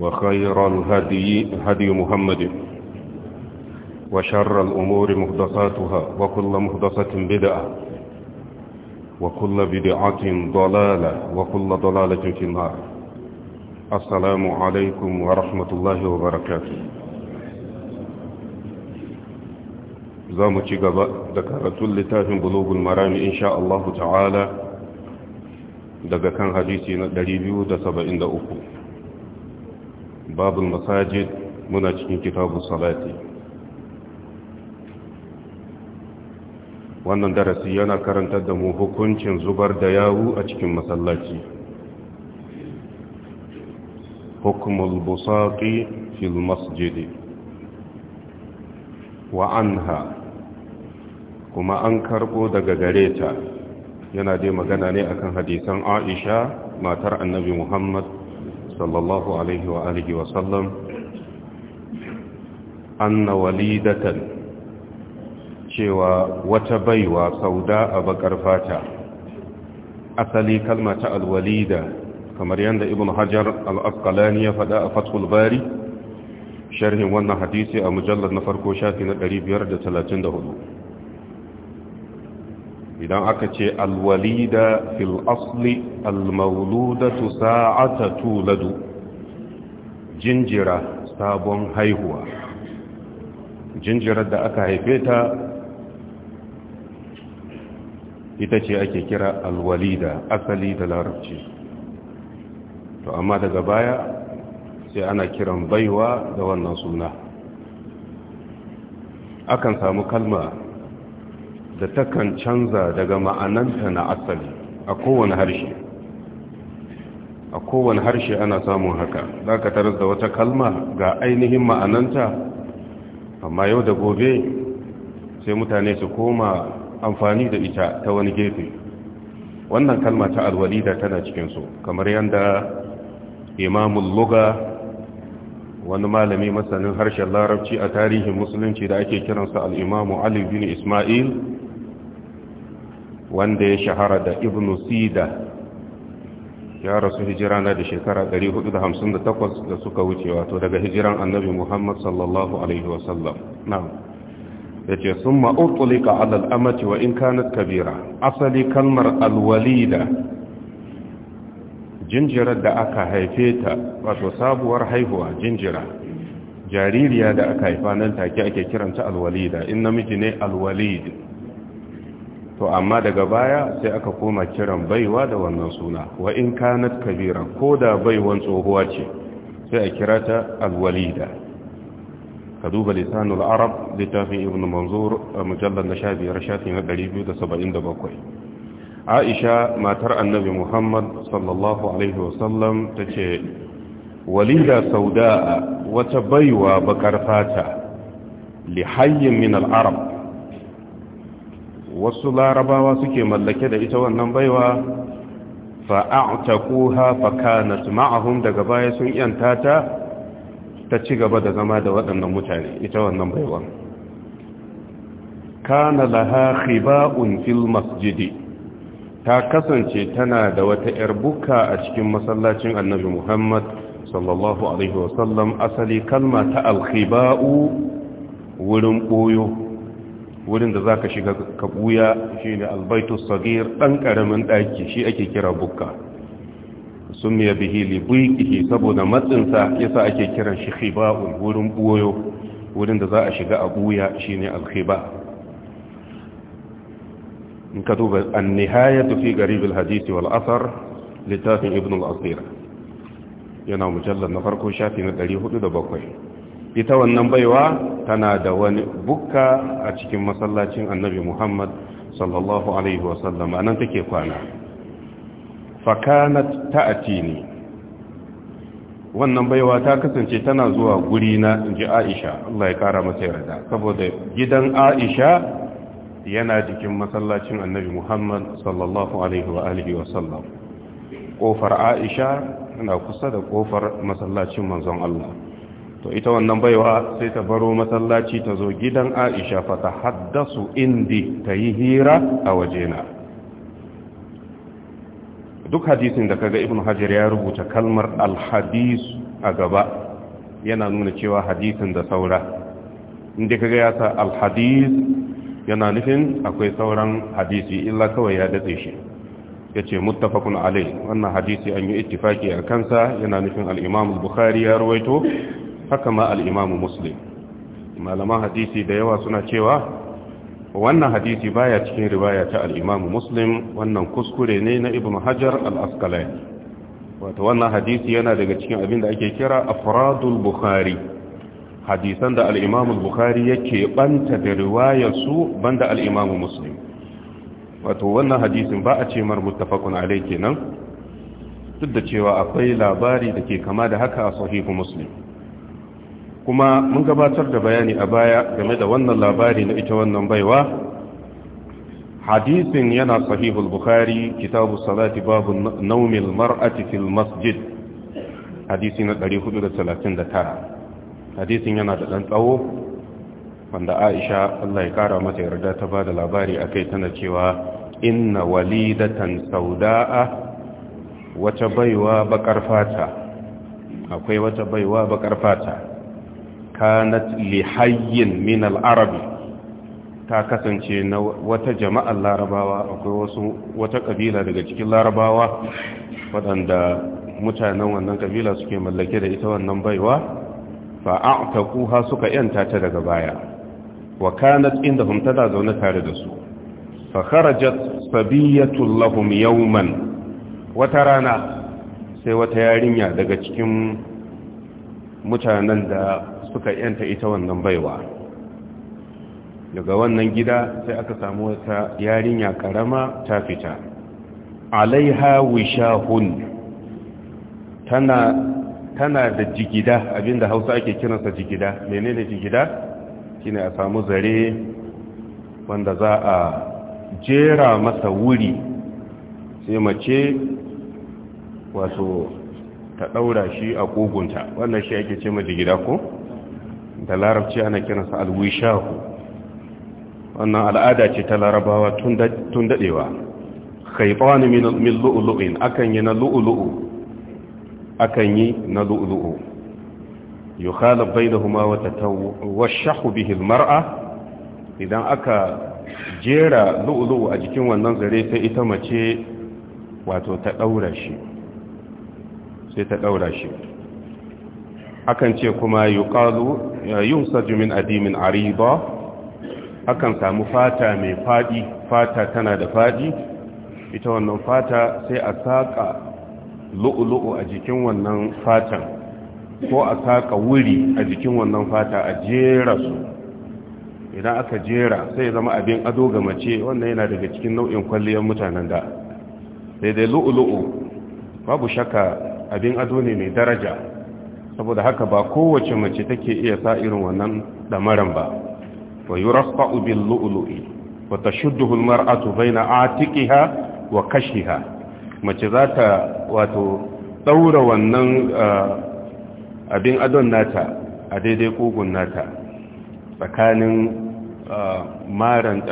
وخير الهدي هدي محمد وشر الأمور مهدساتها وكل مهدسة بدعة وكل بدعة ضلالة وكل ضلالة في النار السلام عليكم ورحمة الله وبركاته زامو تشيغابا دكارة لتاف بلوغ المرام إن شاء الله تعالى daga kan hadisi na 273 Babu masajid muna cikin kitabun salati wannan darasi yana karantar da mu hukuncin zubar da yawu a cikin masallaci hukumul busaqi fil masjidi wa anha kuma an karbo daga gareta yana dai magana ne akan hadisan Aisha matar Annabi Muhammad صلى الله عليه وآله وسلم أن وليدة cewa wata baiwa sauda a bakar fata asali kalma ta alwalida kamar yadda ibn hajar al-asqalani ya faɗa a fathul bari sharhin wannan hadisi a mujallar na farko shafi na 534 idan aka ce alwalida fil asli almauludatu sa'ata tuladu jinjira sabon haihuwa jinjirar da aka haife ta ita ce ake kira alwalida asali da larabci to amma daga baya sai ana kiran baiwa da wannan suna akan samu kalma da takan canza daga ma'ananta na asali a kowane harshe a kowane harshe ana samun haka za ka tarar da wata kalma ga ainihin ma'ananta amma yau da gobe sai mutane su koma amfani da ita ta wani gefe wannan kalma ta alwalida tana cikinsu kamar yadda imamun luga wani malami masanin harshen larabci a tarihin musulunci da ake kiransa al'imamu ali bin ismail wanda ya shahara da ibn sida ya rasu hijira na da shekara 458 da suka wuce wato daga hijiran annabi muhammad sallallahu alaihi wasallam yace sun utlika ala al-amati wa in kanat kabira asali kalmar al-walida jinjirar da aka haife ta wato sabuwar haihuwa jinjira jaririya da aka haifa nan take ake kiranta al in namiji ne al to amma daga baya sai aka koma kiran baiwa da wannan suna wa in kanat kabira ko da baiwan tsohuwa ce sai a kira ta alwalida ka duba lisanul arab littafin ibn manzur a mujallar na sha biyar shafi na bakwai. aisha matar annabi muhammad sallallahu alaihi wasallam ta ce walida sauda wata baiwa bakar fata lihayyin min al-arab wasu larabawa suke mallake da ita wannan baiwa fa'a'taquha fakanat ma'ahum daga baya sun yanta ta ta ci gaba da zama da waɗannan mutane ita wannan baiwa kana laha khiba'un fil masjidi ta kasance tana da wata yar buka a cikin masallacin annabi Muhammad sallallahu alaihi wasallam asali kalma ta al-khiba'u wurin ɓoyo. wurin da ka shiga ka buya shine albaitus sagir ɗan karamin ɗaki shi ake kira bukka sumiya bihi li saboda matsinsa sa yasa ake kiran shi khiba'un wurin buyo wurin da za a shiga a buya ne alkhiba in ka duba an-nihayatu fi garib al-hadith littafin ibn al yana mujallar na farko shafi na 407 ita wannan baiwa tana da wani bukka a cikin masallacin annabi muhammad sallallahu alaihi wasallam a nan take kwana fakanat ta'ati ne wannan baiwa ta kasance tana zuwa guri na inji aisha allah ya kara masa yarda saboda gidan aisha yana jikin masallacin annabi muhammad sallallahu alaihi wa alihi wasallam kofar aisha na kusa da kofar masallacin manzon allah to ita wannan baiwa sai ta baro masallaci ta zo gidan aisha fa ta haddasu indi ta yi hira a wajena duk hadisin da kaga ibn hajar ya rubuta kalmar alhadis a gaba yana nuna cewa hadisin da saura inda kaga ya sa alhadis yana nufin akwai sauran hadisi illa kawai ya datse shi ya ce muttafakun alai wannan hadisi an yi ittifaki a kansa yana nufin al'imam bukhari ya ruwaito haka ma al'imamu muslim malaman hadisi da yawa suna cewa wannan hadisi baya cikin riwaya ta al'imamu muslim wannan kuskure ne na ibn hajar alaskalai wata wannan hadisi yana daga cikin abin da ake kira afradul bukhari hadisan da al'imamu bukhari yake banta da riwayarsu banda al'imamu muslim Wata wannan hadisin ba a ce mar alai kenan duk da cewa akwai labari da ke kama da haka a sahihu muslim kuma mun gabatar da bayani a baya game da wannan labari na ita wannan baiwa hadisin yana sahihul bukhari kitabu salati babu naumil mar'ati fil masjid hadisi na 439 hadisin yana da dan tsawo wanda Aisha Allah ya kara mata yarda ta bada labari akai tana cewa inna walidatan sauda'a wata baiwa bakar fata akwai wata baiwa bakar fata kanat lihayyin min al'arabi ta kasance na wata jama'ar larabawa akwai wasu wata kabila daga cikin larabawa waɗanda mutanen wannan kabila suke mallake da ita wannan baiwa fa'a'taquha suka yanta ta daga baya wa kanat indahum tana zaune tare da su fa kharajat sabiyatun lahum yawman wata rana sai wata yarinya daga cikin mutanen da suka yanta ita wannan baiwa daga wannan gida sai aka samu wata yarinya karama ta fita alaiha wishahun tana tana da jigida abinda hausa ake kiransa jigida menene jigida shine a samu zare wanda za a jera masa wuri sai mace wato ta ɗaura shi a kogunta wannan shi ake ce jigida ko? da larabci ana kiransa alwishahu wannan al'ada ce ta larabawa tun daɗewa khaytan min lu'lu'in akan yi na lu'lu'u akan yi na da yukhalaf wata ta tatawashahu bihil mar'a idan aka jera lu'ulu'u a jikin wannan zare sai ita mace wato ta ɗaura shi sai ta ɗaura shi akan ce kuma yuqalu yunsaju min adimin ariba akan samu fata mai fadi fata tana da fadi ita wannan fata sai a saka lu'lu'u a jikin wannan fatan ko a saka wuri a jikin wannan fata a jera su idan aka jera sai zama abin ado ga mace wannan yana daga cikin nau'in kwalliyar mutanen da sai dai lu'ulu'u babu shaka abin ado ne mai daraja saboda haka ba kowace mace take iya sa irin wannan damaran ba wa yurfa'u bil lu'lu'i wa tashudduhu al mar'atu baina atiqiha wa kashiha mace za ta wato daura wannan abin adon nata a daidai kugun nata tsakanin maran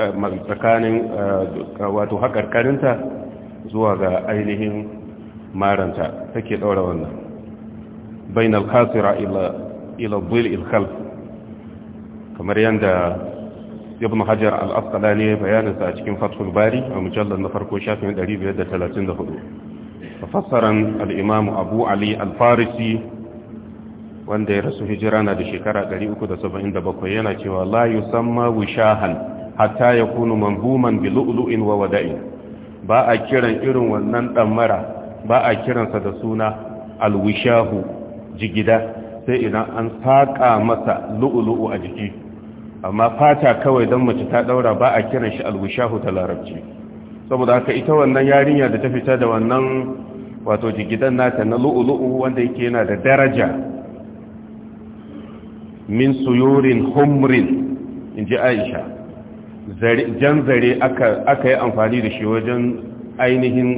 tsakanin wato haƙarƙarinta zuwa ga ainihin maranta take ɗaura wannan bainal kasira ila zil ilkhalf kamar yadda ibn hajar al ne ya bayaninsa a cikin fathul bari a mujallar na farko shafin 534 fassaran al-imam abu ali al wanda ya rasu hijira na da shekara 377 yana cewa la yusamma wishahan hatta yakunu manhuman bi lu'lu'in wa wada'in ba a kiran irin wannan damara ba a kiransa da suna alwishahu jigida sai idan an saƙa masa lu'ulu'u a jiki amma fata kawai don mace ta ɗaura ba a kiran shi algushahu ta larabci saboda haka ita wannan yarinya da ta fita da wannan wato jigidan nata na lu'ulu'u wanda yake yana da daraja min suyurin humrin in ji aisha jan zare aka yi amfani da shi wajen ainihin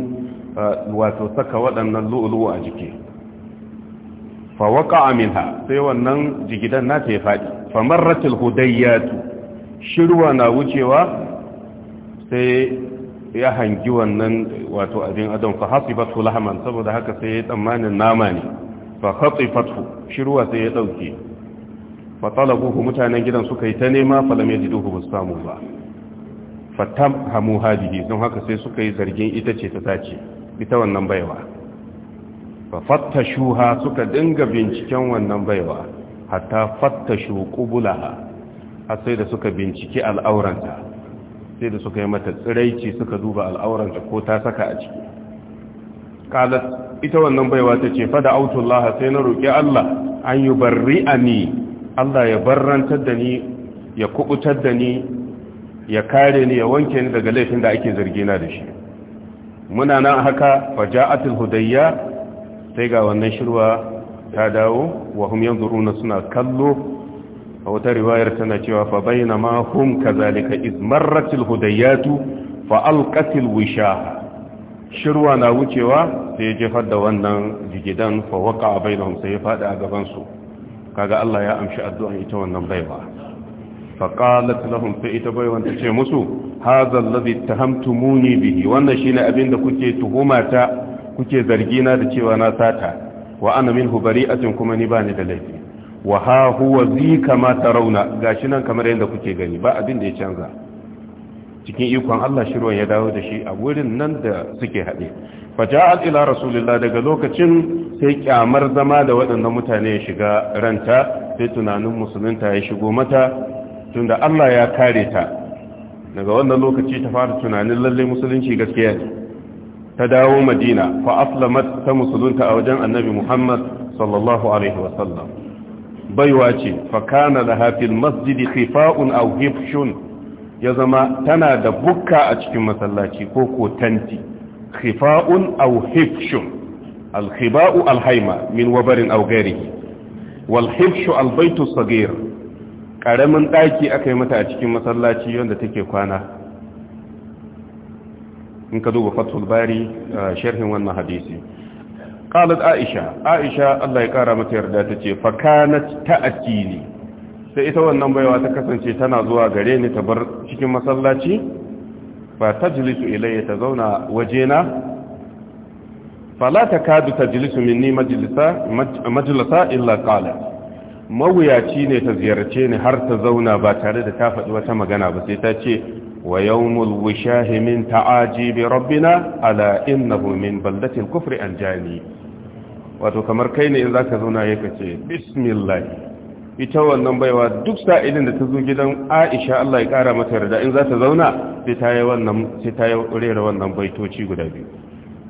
uh, wato saka waɗannan lu'ulu'u a jiki fa aminha sai wannan jigidan nata ya fadi fa marratil hudayyatu shirwa na wucewa sai ya hangi wannan wato abin adam fa hasibatu lahaman saboda haka sai ya tsammanin nama ne fa khatifatu shirwa sai ya dauke fa talabuhu mutanen gidan suka yi ta nema fa lam yajiduhu samu ba fa hamu hadihi don haka sai suka yi zargin ita ce ta tace ita wannan baiwa fa shuha suka dinga binciken wannan baiwa hatta fattashu qubulaha har sai da suka binciki al'auranta sai da suka yi mata tsiraici suka duba al'auranta ko ta saka a ciki qalat ita wannan baiwa ta ce fa da sai na roki Allah an yubarri'ani Allah ya barrantar da ni ya kubutar da ni ya kare ni ya wanke ni daga laifin da ake zargina da shi muna nan haka faja'atul hudayya sai ga wannan shirwa ta dawo wa hum yanzuruna suna kallo a wata riwayar tana cewa fa bainama hum kazalika iz hudayatu fa alqatil wishaha shirwa na wucewa sai ya jefar da wannan jigidan fa waqa bainahum sai ya fada a gaban su kaga Allah ya amshi addu'an ita wannan baiwa فقالت لهم فإتبوا أن تشمسوا هذا الذي اتهمتموني به وأن شين abinda kuke tuhumata. kuke zargi na da cewa na sata wa ana a cin kuma ni bani da laifi wa ha huwa zi kama ga gashi nan kamar yadda kuke gani ba abin da ya canza cikin ikon Allah shirwan ya dawo da shi a wurin nan da suke haɗe faja'al ila rasulillah daga lokacin sai kyamar zama da waɗannan mutane ya shiga ranta sai tunanin musulunta ya shigo mata tunda Allah ya kare ta daga wannan lokaci ta fara tunanin lallai musulunci gaskiya ne ta dawo madina fa aslamat ta musulunta a wajen annabi muhammad sallallahu alaihi wasallam baiwa ce fa kana laha masjidi khifa'un aw hifshun ya zama tana da bukka a cikin masallaci ko ko tanti khifa'un aw hifshun al khiba'u al haima min wabarin aw ghairihi wal hifshu al baytu saghir karamin daki akai mata a cikin masallaci yanda take kwana in ka duba fathul bari sharhin wannan hadisi qalat aisha aisha Allah ya kara mata yarda tace fa kanat ta'tini sai ita wannan baiwa ta kasance tana zuwa gare ni ta bar cikin masallaci fa tajlisu ilayya ta zauna wajena fala takadu tajlisu minni majlisa majlisa illa qalat mawuyaci ne ta ziyarce ni har ta zauna ba tare da ta faɗi wata magana ba sai ta ce ويوم الوشاه من تعاجيب ربنا ألا إنه من بلدة الكفر أنجاني wato kamar kai ne in ka zauna ya kace bismillah ita wannan baiwa duk sa'ilin da ta zo gidan Aisha Allah ya kara mata yarda in za ta zauna sai ta yi wannan sai ta yi rera wannan baitoci guda biyu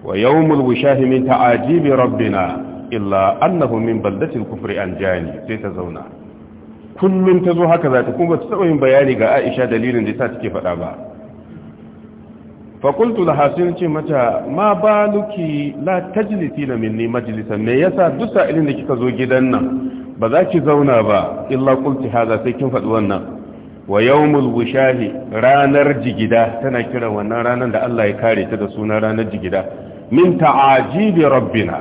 wa yawmul wishahi min ta'ajibi rabbina illa annahu min baldatil kufri anjani sai ta zauna kullum ta zo haka za ta kuma ta taɓa yin bayani ga aisha dalilin da ta take faɗa ba fakultu da hasin ce mata ma ba luki la tajlisi na minni majalisa. me yasa duk sa'ilin da kika zo gidan nan ba za ki zauna ba illa kulti haza sai kin faɗi wannan wa yawmul wushahi ranar jigida tana kiran wannan ranar da Allah ya kare ta da suna ranar jigida min ta'ajibi rabbina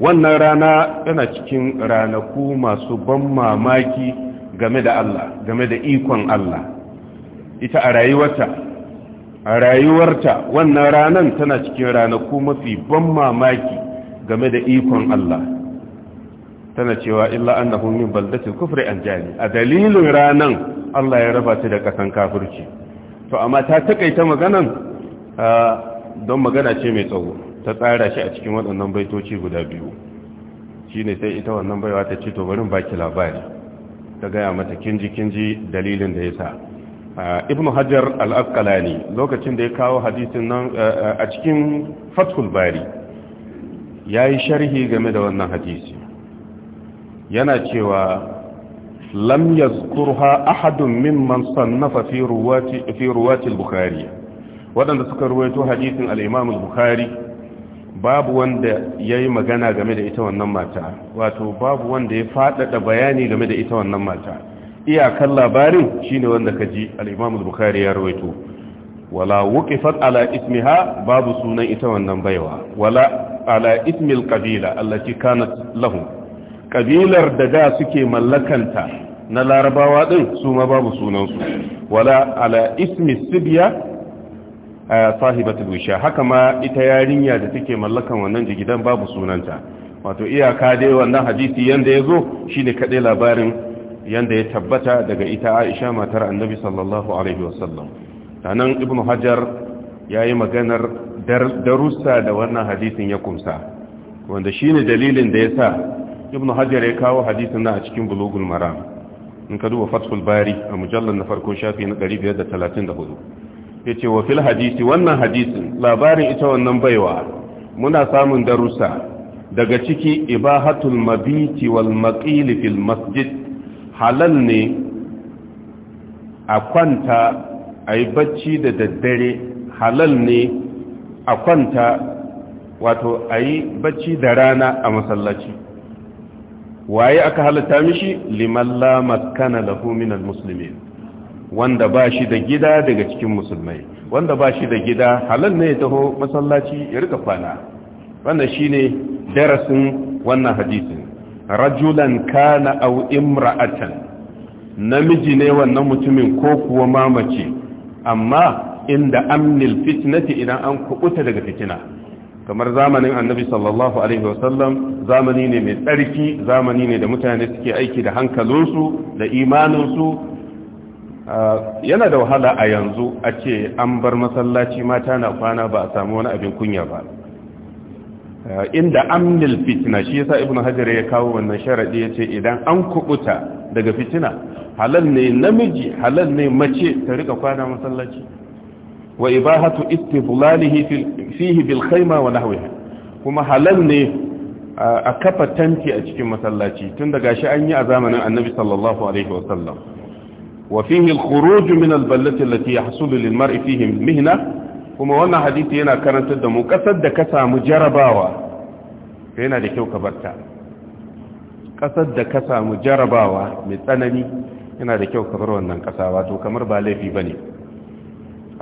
wannan rana tana cikin ranaku masu ban mamaki game da Allah game da ikon Allah ita a rayuwarta a rayuwarta wannan ranan tana cikin ranaku mafi ban mamaki game da ikon Allah tana cewa illa annahu min baldati kufri an jani a dalilin ranan Allah ya raba ta da kasan kafirci to amma ta takaita maganan don magana ce mai tsawo ta tsara shi a cikin waɗannan baitoci guda biyu shine sai ita wannan baiwa ta ce to barin baki labari ta gaya mata kinji kinji dalilin da ya sa ibn hajar al-asqalani lokacin da ya kawo hadisin nan a cikin fathul bari yayi sharhi game da wannan hadisi yana cewa lam yazkurha ahadun mimman sannafa fi ruwati fi ruwati al-bukhari wadanda suka ruwaito hadisin al-imam al-bukhari babu wanda ya yi magana game da ita wannan mata wato babu wanda ya faɗaɗa bayani game da ita wannan mata iyakan labarin shine wanda ka ji al'imamu bukari ya rawaito wala wuqifat ala ha, babu sunan ita wannan baiwa wala ala ismil qabila allati kanat lahum Ƙabilar da da suke mallakanta na larabawa din su ma babu sunansu. wala ala ismi sibya sahibatul wisha haka ma ita yarinya da take mallakan wannan jigidan babu sunanta wato iyaka dai wannan hadisi yanda ya zo shine kadai labarin yanda ya tabbata daga ita Aisha matar Annabi sallallahu alaihi wasallam sanan Ibn hajar yayi maganar darussa da wannan hadisin ya kumsa wanda shine dalilin da yasa ibnu hajar ya kawo hadisin nan a cikin bulugul maram in ka duba fathul bari a mujallal na farko shafi na 534 ya ce wa fil hadisi wannan hadisin labarin ita wannan baiwa muna samun darussa daga ciki ibahatul mabiti wal maqili fil masjid halal ne a kwanta a yi bacci da daddare halal ne a kwanta wato a yi bacci da rana a masallaci waye aka halatta mishi liman la makkana lahu minal wanda ba shi da gida daga cikin musulmai wanda ba shi da gida halal ne ya taho masallaci ya rika kwana wannan shine darasin wannan hadisin rajulan kana aw imra'atan namiji ne wannan mutumin ko kuwa mamace amma inda amnil fitnati idan an kubuta daga fitina kamar zamanin annabi sallallahu alaihi wasallam zamani ne mai tsarki zamani ne da mutane suke aiki da hankalinsu da imaninsu Eh, yana da wahala a yanzu a ce an bar masallaci mata na kwana ba a samu wani abin kunya ba eh, inda amnil fitina shi yasa ibnu hajar ya kawo wannan sharadi ce idan an kubuta daga fitina halal ne namiji halal ne mace ta rika kwana masallaci wa ibahatu istidlalihi fihi bil khayma wa nahwiha kuma halal ne eh, a kafa tanti a cikin masallaci tun daga shi an yi a zamanin annabi sallallahu alaihi wasallam وفيه الخروج من البلة التي يحصل للمرء فيه المهنة kuma wannan hadisi yana karantar da mu kasar da ka samu jarabawa yana da kyau ka barta kasar da ka samu jarabawa mai tsanani yana da kyau ka bar wannan kasa wato kamar ba laifi bane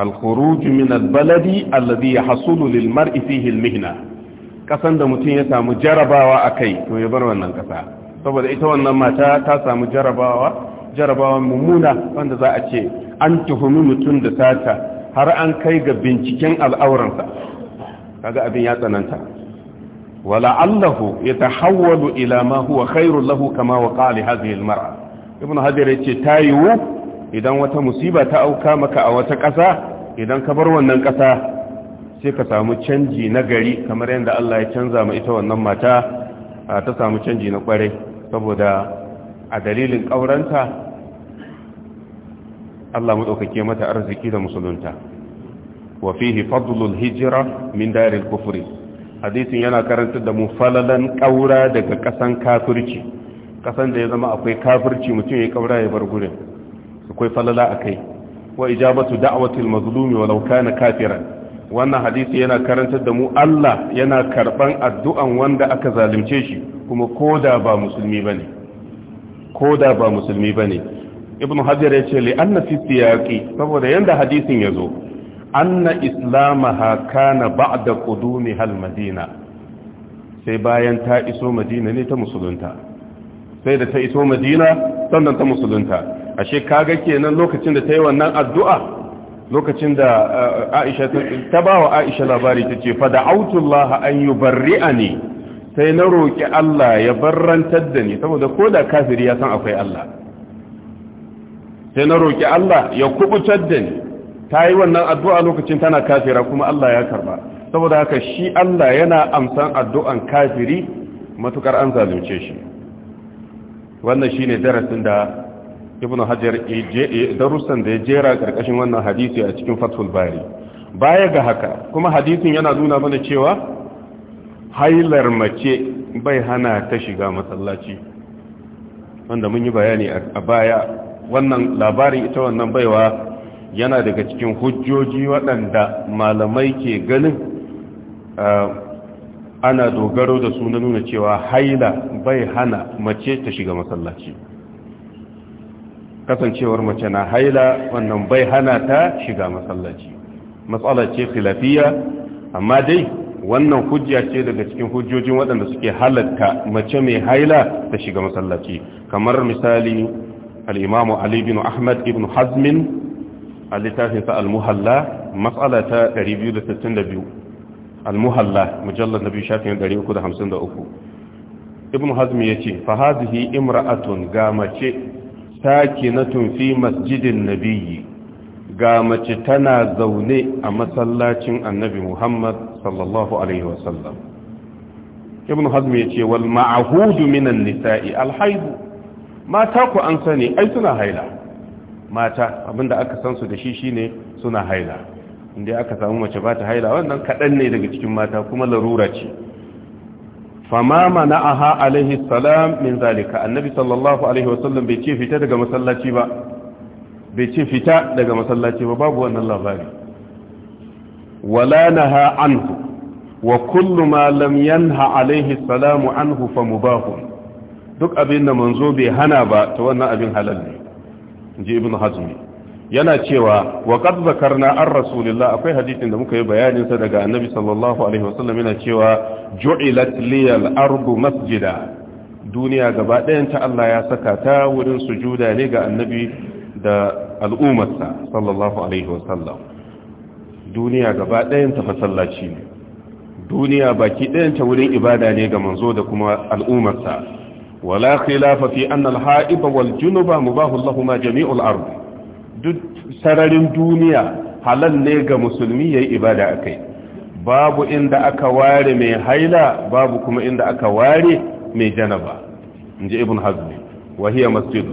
al-khuruj min al-baladi alladhi yahsulu lil mar'i fihi al-mihna kasan da mutum ya samu jarabawa akai to ya bar wannan kasa saboda ita wannan mata ta samu jarabawa jarabawa mummuna wanda za a ce an tuhumi mutum da sata har an kai ga binciken al'auransa kaga abin ya tsananta wala allahu ya tahawwalu ila ma huwa khairul lahu kama wa mara hadhihi almar'a ibnu ce yace yiwu idan wata musiba ta auka maka a wata ƙasa idan ka bar wannan ƙasa sai ka samu canji na gari kamar yadda Allah ya canza ma ita wannan mata ta samu canji na kwarai saboda a dalilin ƙauranta Allah maɗaukake mata arziki da musulunta wa fihi fadlul hijira min daril kufri hadisin yana karantar da mu falalan ƙaura daga ƙasan kafirci ƙasan da ya zama akwai kafirci mutum ya ƙaura ya bar gurin akwai falala akai wa ijabatu da'watil mazlumi walau kana kafiran wannan hadisi yana karantar da mu Allah yana karban addu'an wanda aka zalunce shi kuma ko da ba musulmi bane ko da ba musulmi ba ne ibn hajar ya ce li na fi saboda yadda hadisin ya zo anna islamaha kana da qudumi hal madina sai bayan ta iso madina ne ta musulunta sai da ta iso madina sannan ta musulunta ashe kaga kenan lokacin da ta yi wannan addu'a lokacin da eh, Aisha ta bawa Aisha labari tace fa da'awtu Allah an yubarri'ani sai na roƙi Allah ya barrantar da ni saboda ko da kafiri ya san akwai Allah sai na roƙi Allah ya kubutar da ni ta yi wannan addu'a lokacin tana kafira kuma Allah ya karba saboda haka shi Allah yana amsan addu'an kafiri matukar an zalunce shi wannan shi ne darasin da ibn hajjar darussan da ya jera ƙarƙashin wannan hadisi a cikin fatul bari baya ga haka kuma hadisin yana nuna mana cewa hailar mace bai hana ta shiga masallaci wanda mun yi bayani a baya wannan labarin ita wannan baiwa yana daga cikin hujjoji waɗanda malamai ke ganin ana dogaro da su na nuna cewa haila bai hana mace ta shiga masallaci kasancewar mace na haila wannan bai hana ta shiga masallaci matsalar ce filafiya amma dai wannan hujja ce daga cikin hujjojin waɗanda suke halatta mace mai haila ta shiga masallaci kamar misali al'imamu ali bin ahmad ibn hazmin a littafinsa al-muhalla matsala ta 262 al-muhalla mujallar na biyu shafin 353 ibn hazmi ya ce fahazihi imra'atun ga mace sakinatun fi masjidin nabiyyi ga mace tana zaune a masallacin annabi muhammad sallallahu alaihi wasallam ibn hazm ya ce wal ma'ahudu minan nisa'i alhaibu mata ku an sani ai suna haila mata abinda aka san su da shi shine suna haila inda aka samu mace ba ta haila wannan kaɗan ne daga cikin mata kuma larura ce fama mana'aha alaihi salam min zalika annabi sallallahu alaihi wasallam bai ce fita daga masallaci ba bai ce fita daga masallaci ba babu wannan labari walanaha naha anhu wa kullu ma lam yanha alaihi salamu anhu fa duk abin da manzo bai hana ba ta wannan abin halal ne inji ibn hazmi yana cewa wa qad zakarna an rasulillah akwai hadisin da muka yi bayanin sa daga annabi sallallahu alaihi wasallam yana cewa ju'ilat liyal ardu masjida duniya gaba ta Allah ya saka ta wurin sujuda ne ga annabi da al'ummarsa sallallahu alaihi wasallam duniya gaba ɗayanta masallaci ne duniya baki ɗayanta wurin ibada ne ga manzo da kuma al'ummarsa wala khilafa fi anna al-ha'iba wal junuba mubahu lahumma jami'ul ard duk sararin duniya halal ne ga musulmi yayi ibada akai babu inda aka ware mai haila babu kuma inda aka ware mai janaba inji ibn hazm wa hiya masjid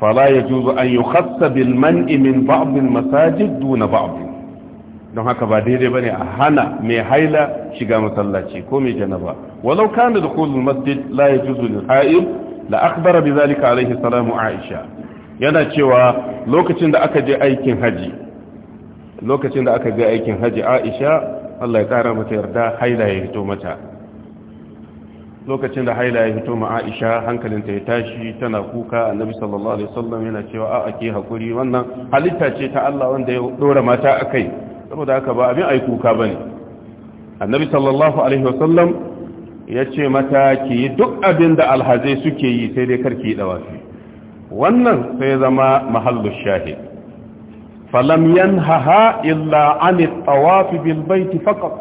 fala yajuzu an yukhassa bil man'i min ba'd al-masajid duna ba'd don haka ba daidai bane a hana mai haila shiga masallaci ko mai janaba walau kana dukhulul masjid la yajuzu lil ha'il la akhbara alayhi salamu aisha yana cewa lokacin da aka je aikin haji lokacin da aka je aikin haji aisha Allah ya kara mata yarda haila ya fito mata lokacin da haila ya fito ma aisha hankalinta ya tashi tana kuka annabi sallallahu alaihi wasallam yana cewa a'a ke hakuri wannan halitta ce ta Allah wanda ya dora mata akai saboda haka ba abin ai kuka bane annabi sallallahu alaihi wasallam ce mata ki duk abin da alhazai suke yi sai dai karki dawafi wannan sai zama mahallu shahid falam haha illa an at bil faqat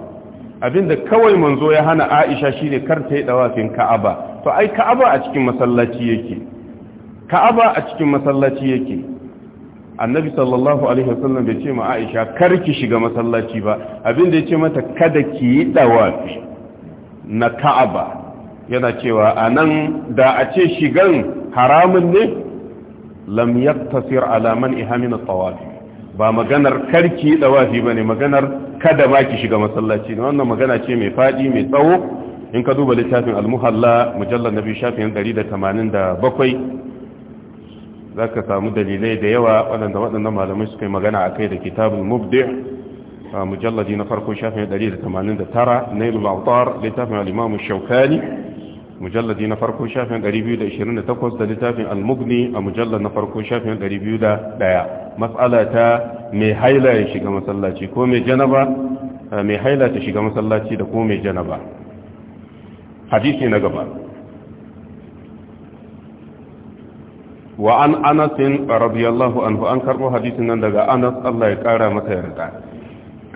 abinda kawai manzo ya hana Aisha shine kar ta yi dawafin Ka'aba to ai Ka'aba a cikin masallaci yake Ka'aba a cikin masallaci yake annabi sallallahu alaihi wasallam bai ce ma aisha kar ki shiga masallaci ba abin da ya ce mata kada ki yi dawafi na ka'aba yana cewa anan da a ce shigan haramun ne lam yaktasir ala man ihamina tawafi ba maganar kar ki yi dawafi bane maganar kada ba ki shiga masallaci ne wannan magana ce mai fadi mai tsawo in ka duba littafin al-muhalla mujallal nabi shafin 187 za ka samu dalilai da yawa waɗanda waɗanda malamai suka yi magana a kai da kitabun mubdi a mujalladi na farko shafin 189 na ilul autar littafin alimamu shaukani mujalladi na farko shafin 228 da littafin almugni a mujallar na farko shafin 201 matsala ta mai haila ya shiga masallaci ko mai janaba eh, mai haila ta shiga masallaci da ko mai janaba hadisi na gaba wa an anas radiyallahu anhu an karɓo hadisin nan daga anas Allah ya ƙara masa yarda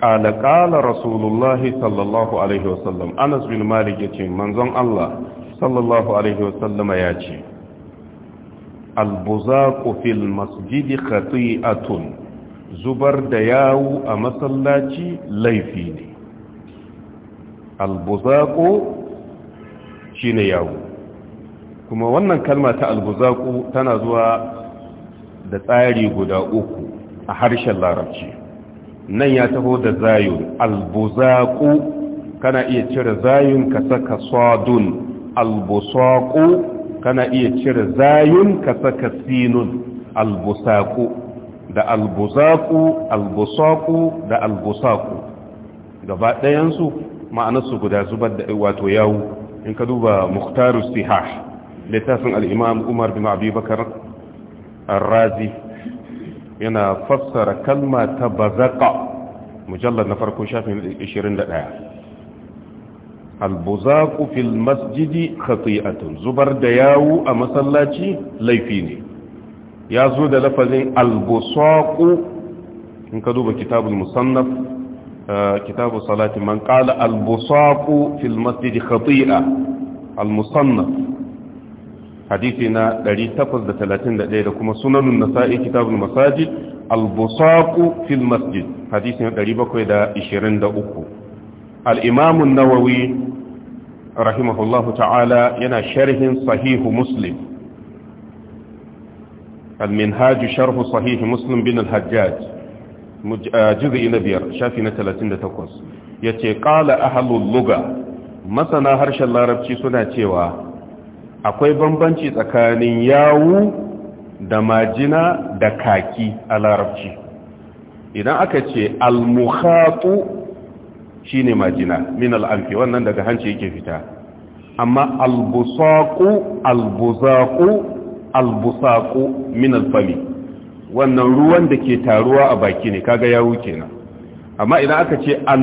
qala qala rasulullah sallallahu alaihi wasallam anas bin malik yace manzon Allah sallallahu alaihi wasallama yace albuzaq fil masjid khati'atun zubar da yawu a masallaci laifi ne albuzaq shine yawu kuma wannan kalma ta albuzaku tana zuwa da tsari guda uku a harshen larabci nan ya taho da zayun albuzaku kana iya cire zayun ka saka sadun albusaku kana iya cire zayun ka saka sinun albusaku da albuzaku albusaku da albusaku gaba ɗayansu ma'anarsu guda zubar da wato yawo in ka duba muhtaru sihah littafin al'imam umar bin abubakar razi yana fassara kalma ta bazaƙa mujallar na farko shafin 21 albuzaku fil masjidi khati'atun zubar da yawu a masallaci laifi ne ya zo da lafazin albusaku in ka duba kitabul musannaf kitabu salatin man qala albusaku fil masjidi khati'a al musannaf hadisi na 831 da kuma sunanun nasa'i kitabul masajid al-busaqu fil masjid hadisi na 723 al-imam an-nawawi rahimahullahu ta'ala yana sharhin sahihu muslim al-minhaj sharh sahih muslim bin hajjaj ah, juz'i na biyar shafi na 38 yace ƙala ahlul lugha masana harshen larabci suna cewa akwai bambanci tsakanin yawu da majina da kaki a larabci idan aka ce almuhatu shi ne majina min al'amfi, wannan daga hanci yake fita amma albusaku, busaqu albusaku, min alfami. wannan ruwan da ke taruwa a baki ne kaga yawu kenan amma idan aka ce al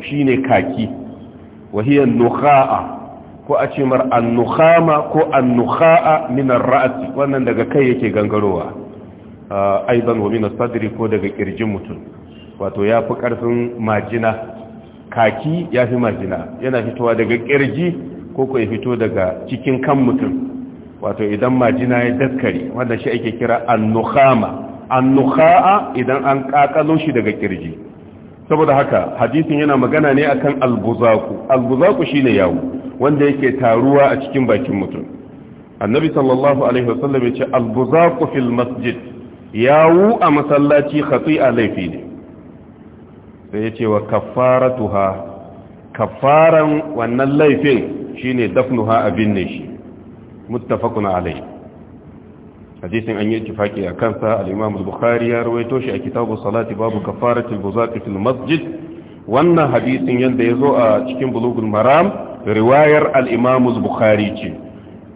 shi shine kaki wa hiya ko a ce mar annukhama ko annukha'a min ar-ra's wannan daga kai yake gangarowa aidan wa min as-sadri ko daga kirjin mutum wato yafi karfin majina kaki yafi majina yana fitowa daga kirji ko ko ya fito daga cikin kan mutum wato idan majina ya daskare wanda shi ake kira annukhama annukha'a idan an kakalo shi daga kirji saboda haka hadisin yana magana ne akan albuzaku albuzaku shine yawo wanda yake taruwa a cikin bakin mutum annabi sallallahu alaihi wasallam yace albuzaku fil masjid yawo a masallaci khati'a laifi ne sai yace wa kaffaratuha kaffaran wannan laifin shine dafnuha abin ne shi muttafaqun alaihi hadisin an yi ittifaki a kansa al-Imam al-Bukhari ya rawaito shi a kitabu salati babu kafaratul buzati fil masjid wannan hadisin yanda yazo a cikin bulugul maram riwayar al-Imam al-Bukhari ce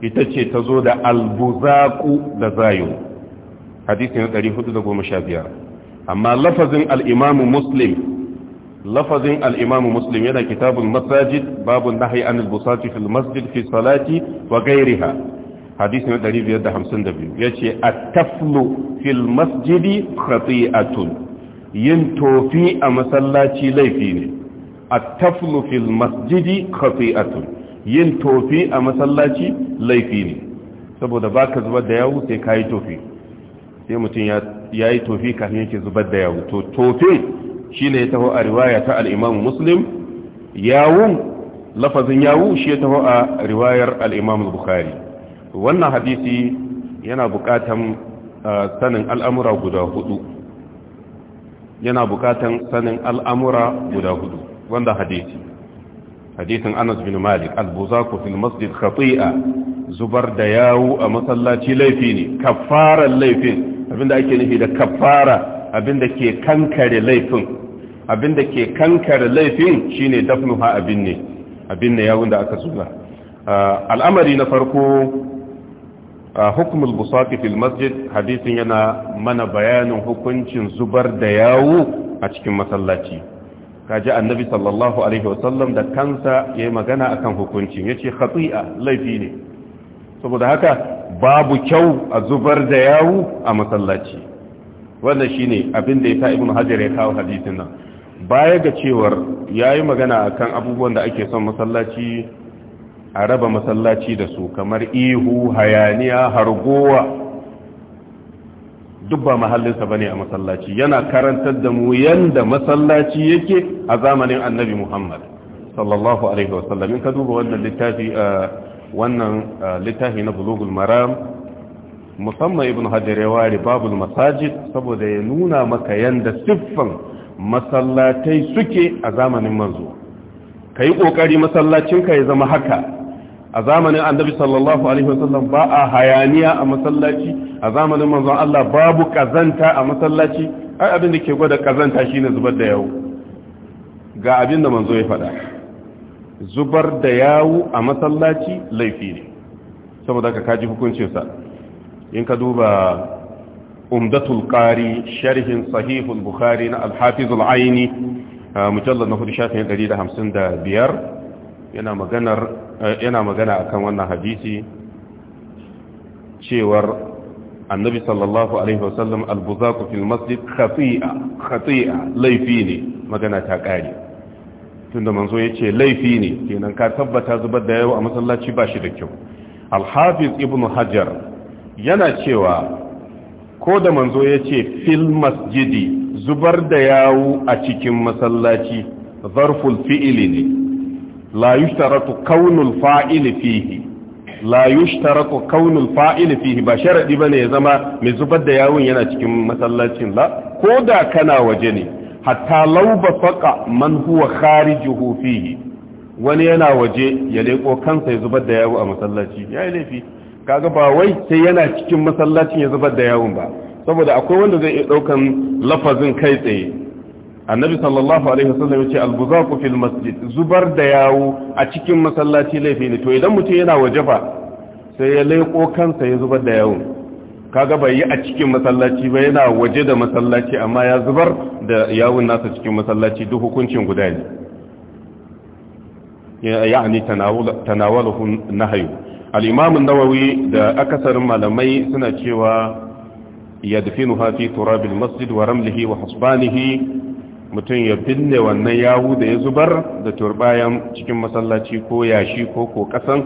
ita ce tazo da al-buzaqu da zayu hadisin 415 amma lafazin al-Imam Muslim lafazin al-Imam Muslim yana kitabul masajid babu nahyi anil busati fil masjid fi salati wa ghayriha hadisi na 552 ya ce a taflo fil masjidi khati'atun yin tofi a masallaci laifi ne a taflo fil masjidi khati'atun yin tofi a masallaci laifi ne saboda ba ka zubar da yawu sai ka yi tofi sai mutum ya yi tofi kafin yake zubar da yawu to tofi shine ne ya taho a riwaya ta al'imamu muslim yawun lafazin yawu shi ya taho a riwayar al'imamu bukhari wannan hadisi yana bukatan uh, sanin al'amura guda hudu yana bukatan sanin al'amura guda hudu wanda hadisi hadisin anas bin malik albuzaku fil masjid khati'a zubar da yawo a masallaci laifi ne kafaran laifin abinda ake nufi da kafara abinda ke kankare laifin abinda ke kankare laifin shine dafnuha abin ne abin ne yawon da aka zuba uh, al'amari na farko A hukumul busati fil masjid hadisin yana mana bayanin hukuncin zubar da yawo a cikin masallaci kaji annabi sallallahu alaihi wasallam da kansa yayi magana akan hukuncin yace khati'a laifi ne saboda haka babu kyau a zubar da yawo a masallaci wannan shine abin da yasa ibnu hajar ya kawo hadisin nan baya ga cewar yayi magana akan abubuwan da ake son masallaci a raba masallaci da su kamar ihu hayaniya hargowa duk ba mahallinsa ne a masallaci yana karantar da mu yanda masallaci yake a zamanin annabi muhammad sallallahu alaihi wasallam in ka duba wannan littafi uh, wannan uh, littafi na bulugul maram musamman ibn hajar ya ware babul masajid saboda ya nuna maka yanda siffan masallatai suke a zamanin manzo ka yi ƙoƙari masallacinka ya zama haka a zamanin annabi sallallahu alaihi wasallam ba a hayaniya a masallaci a zamanin manzon Allah babu kazanta a masallaci ai abin da ke gwada kazanta shine zubar da yawo ga abin da manzo ya faɗa zubar da yawo a masallaci laifi ne saboda ka kaji sa in ka duba umdatul qari sharhin sahihul bukhari na al aini mujallad na hudu shafin 155 yana maganar Eh, yana magana akan wannan hadisi cewar annabi sallallahu alaihi wasallam albuzaku fil masjid khati'a khati'a laifi ne magana ta kare tunda manzo yace laifi ne kenan ka tabbata zubar da yawa a masallaci ba shi da kyau al ibn hajar yana cewa ko da manzo yace fil masjidi zubar da yawo a cikin masallaci zarful fili ne la yushtaratu kaunul fa'ili fihi la kaunul fa'ili fihi ba sharadi bane ya zama mai zubar da yawon yana cikin masallacin la ko da kana waje ne hatta law bafaqa man huwa kharijuhu fihi wani yana waje ya leko kansa ya zubar da yawo a masallaci yi laifi kaga ba wai sai yana cikin masallacin ya zubar da yawon ba saboda akwai wanda zai iya daukan lafazin kai tsaye annabi sallallahu alaihi wasallam ya ce albuzaqu fil masjid zubar da yawo a cikin masallaci laifi ne to idan mutum yana waje fa sai ya leko kansa ya zubar da yawo kaga bai yi a cikin masallaci ba yana waje da masallaci amma ya zubar da yawun nasa cikin masallaci duk hukuncin guda ne na tanawaluhu nahyu al-imam an-nawawi da akasarin malamai suna cewa yadfinuha fi turabil masjid wa ramlihi wa hasbanihi mutum ya binne wannan yahu da ya zubar da turbayan cikin masallaci ko yashi ko ko kasan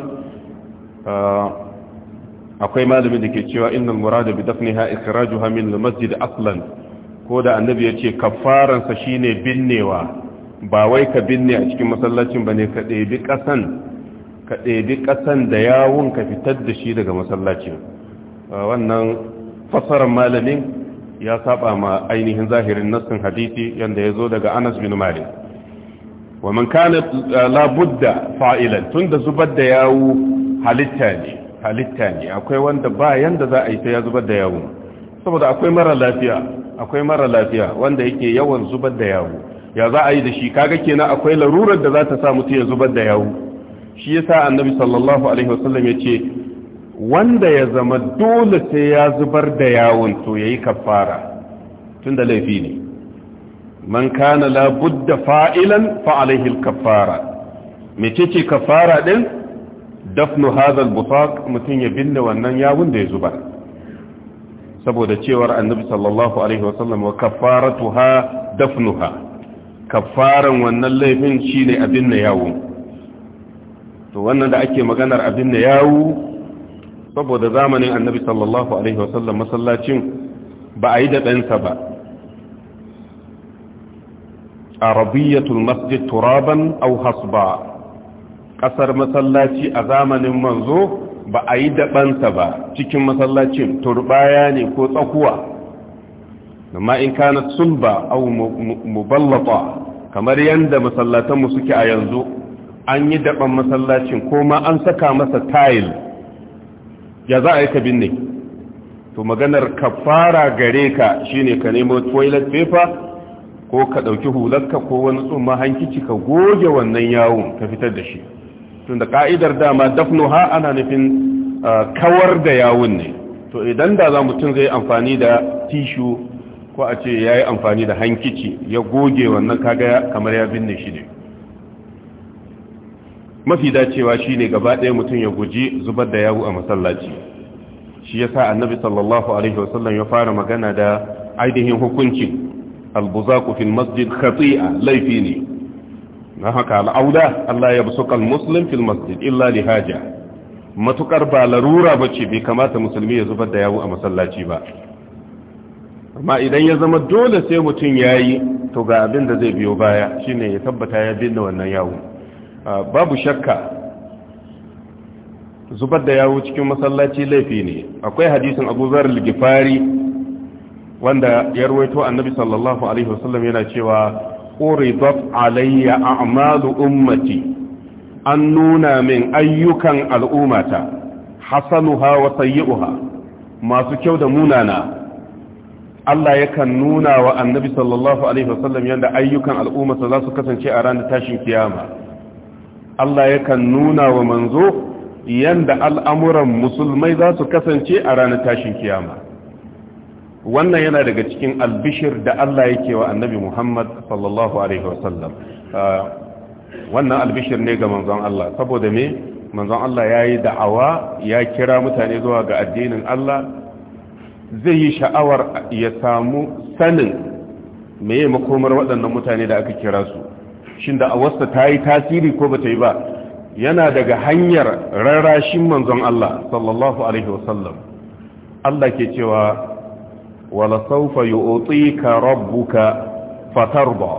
ah, akwai malamin da ke cewa innal murada bi dafniha ikhrajuha min al-masjid aslan ko da annabi ya ce kafaran sa shine binnewa ba wai ka binne a cikin masallacin bane ka ɗebi kasan ka ɗebi kasan da yawun ka fitar da shi daga masallacin ah, wannan fasarar malamin ya saba ma ainihin zahirin nassin hadisi yanda ya zo daga anas bin malik wa man kana eh, la budda fa'ilan tunda zubar da yawo halitta ne halitta ne akwai wanda ba yanda za a yi ta ya zubar da yawo saboda akwai mara lafiya akwai mara lafiya wanda yake yawan zubar da yawo ya za a yi da shi kaga kenan akwai larurar da za ta sa mutum ya zubar da yawo shi yasa annabi sallallahu alaihi wasallam ya ce wanda ya zama dole sai ya zubar da yawon to yayi kafara tunda laifi ne man kana la fa'ilan fa kafara al mecece kafara din dafnu hadha al-butaq ya binne wannan yawun da ya zubar saboda cewar annabi sallallahu alaihi wasallam wa kaffaratuha dafnuha kafaran wannan laifin shine abin na yawo to wannan da ake maganar abin na yawo saboda zamanin annabi sallallahu alaihi wasallam masallacin ba a yi da ɗansa ba arabiyyatul masjid turaban aw hasba Ƙasar masallaci a zamanin manzo ba a yi daɓansa ba cikin masallacin turbaya ne ko tsakuwa amma in kana sulba aw muballata kamar yanda masallatanmu suke a yanzu an yi daɓan masallacin ko ma an saka masa tile ya za a yi ka binne to maganar ka fara gare ka shine ka nemo toilet paper ko ka ɗauki hularka ko wani tsumma hankici ka goge wannan yawon ka fitar da shi tunda ka'idar dama ha ana nufin kawar da yawon ne to idan da za mutum zai amfani da tishu ko a ce ya yi amfani da hankici ya goge wannan kaga kamar ya binne shi ne mafi dacewa shine gaba ɗaya mutum ya guji zubar da yawu a masallaci shi sa annabi sallallahu alaihi wasallam ya fara magana da ainihin hukunci albuzaku fil masjid khati'a laifi ne na haka al'auda Allah ya busu muslim fil masjid illa li haja matukar ba larura ce bai kamata musulmi ya zubar da yawu a masallaci ba amma idan ya zama dole sai mutum yayi to ga abin da zai biyo baya shine ya tabbata ya binne wannan yawun. Ah, babu shakka zubar da yawo cikin masallaci laifi ne akwai hadisin abuzar ligifari wanda ya ruwaito annabi sallallahu alaihi wasallam yana cewa uridat alayya a'malu ummati an nuna min ayyukan al'umata hasanuha wa sayyi'uha masu kyau da munana Allah yakan nuna wa annabi sallallahu alaihi wasallam yanda ayyukan al'ummata za su kasance a ranar tashin kiyama Allah yakan nuna wa manzo yanda al'amuran musulmai za su kasance a ranar tashin kiyama wannan yana daga cikin albishir da Allah yake wa annabi Muhammad sallallahu alaihi wasallam ah, wannan albishir ne ga manzon Allah saboda me manzon Allah ya yi da'awa ya kira mutane zuwa ga addinin Allah zai yi sha'awar ya samu sanin meye makomar waɗannan mutane da aka kira su shin da awasta ta yi tasiri ko ba ta yi ba yana daga hanyar rarrashin manzon Allah sallallahu alaihi wasallam Allah ke cewa wala saufa yu'tika rabbuka fatarda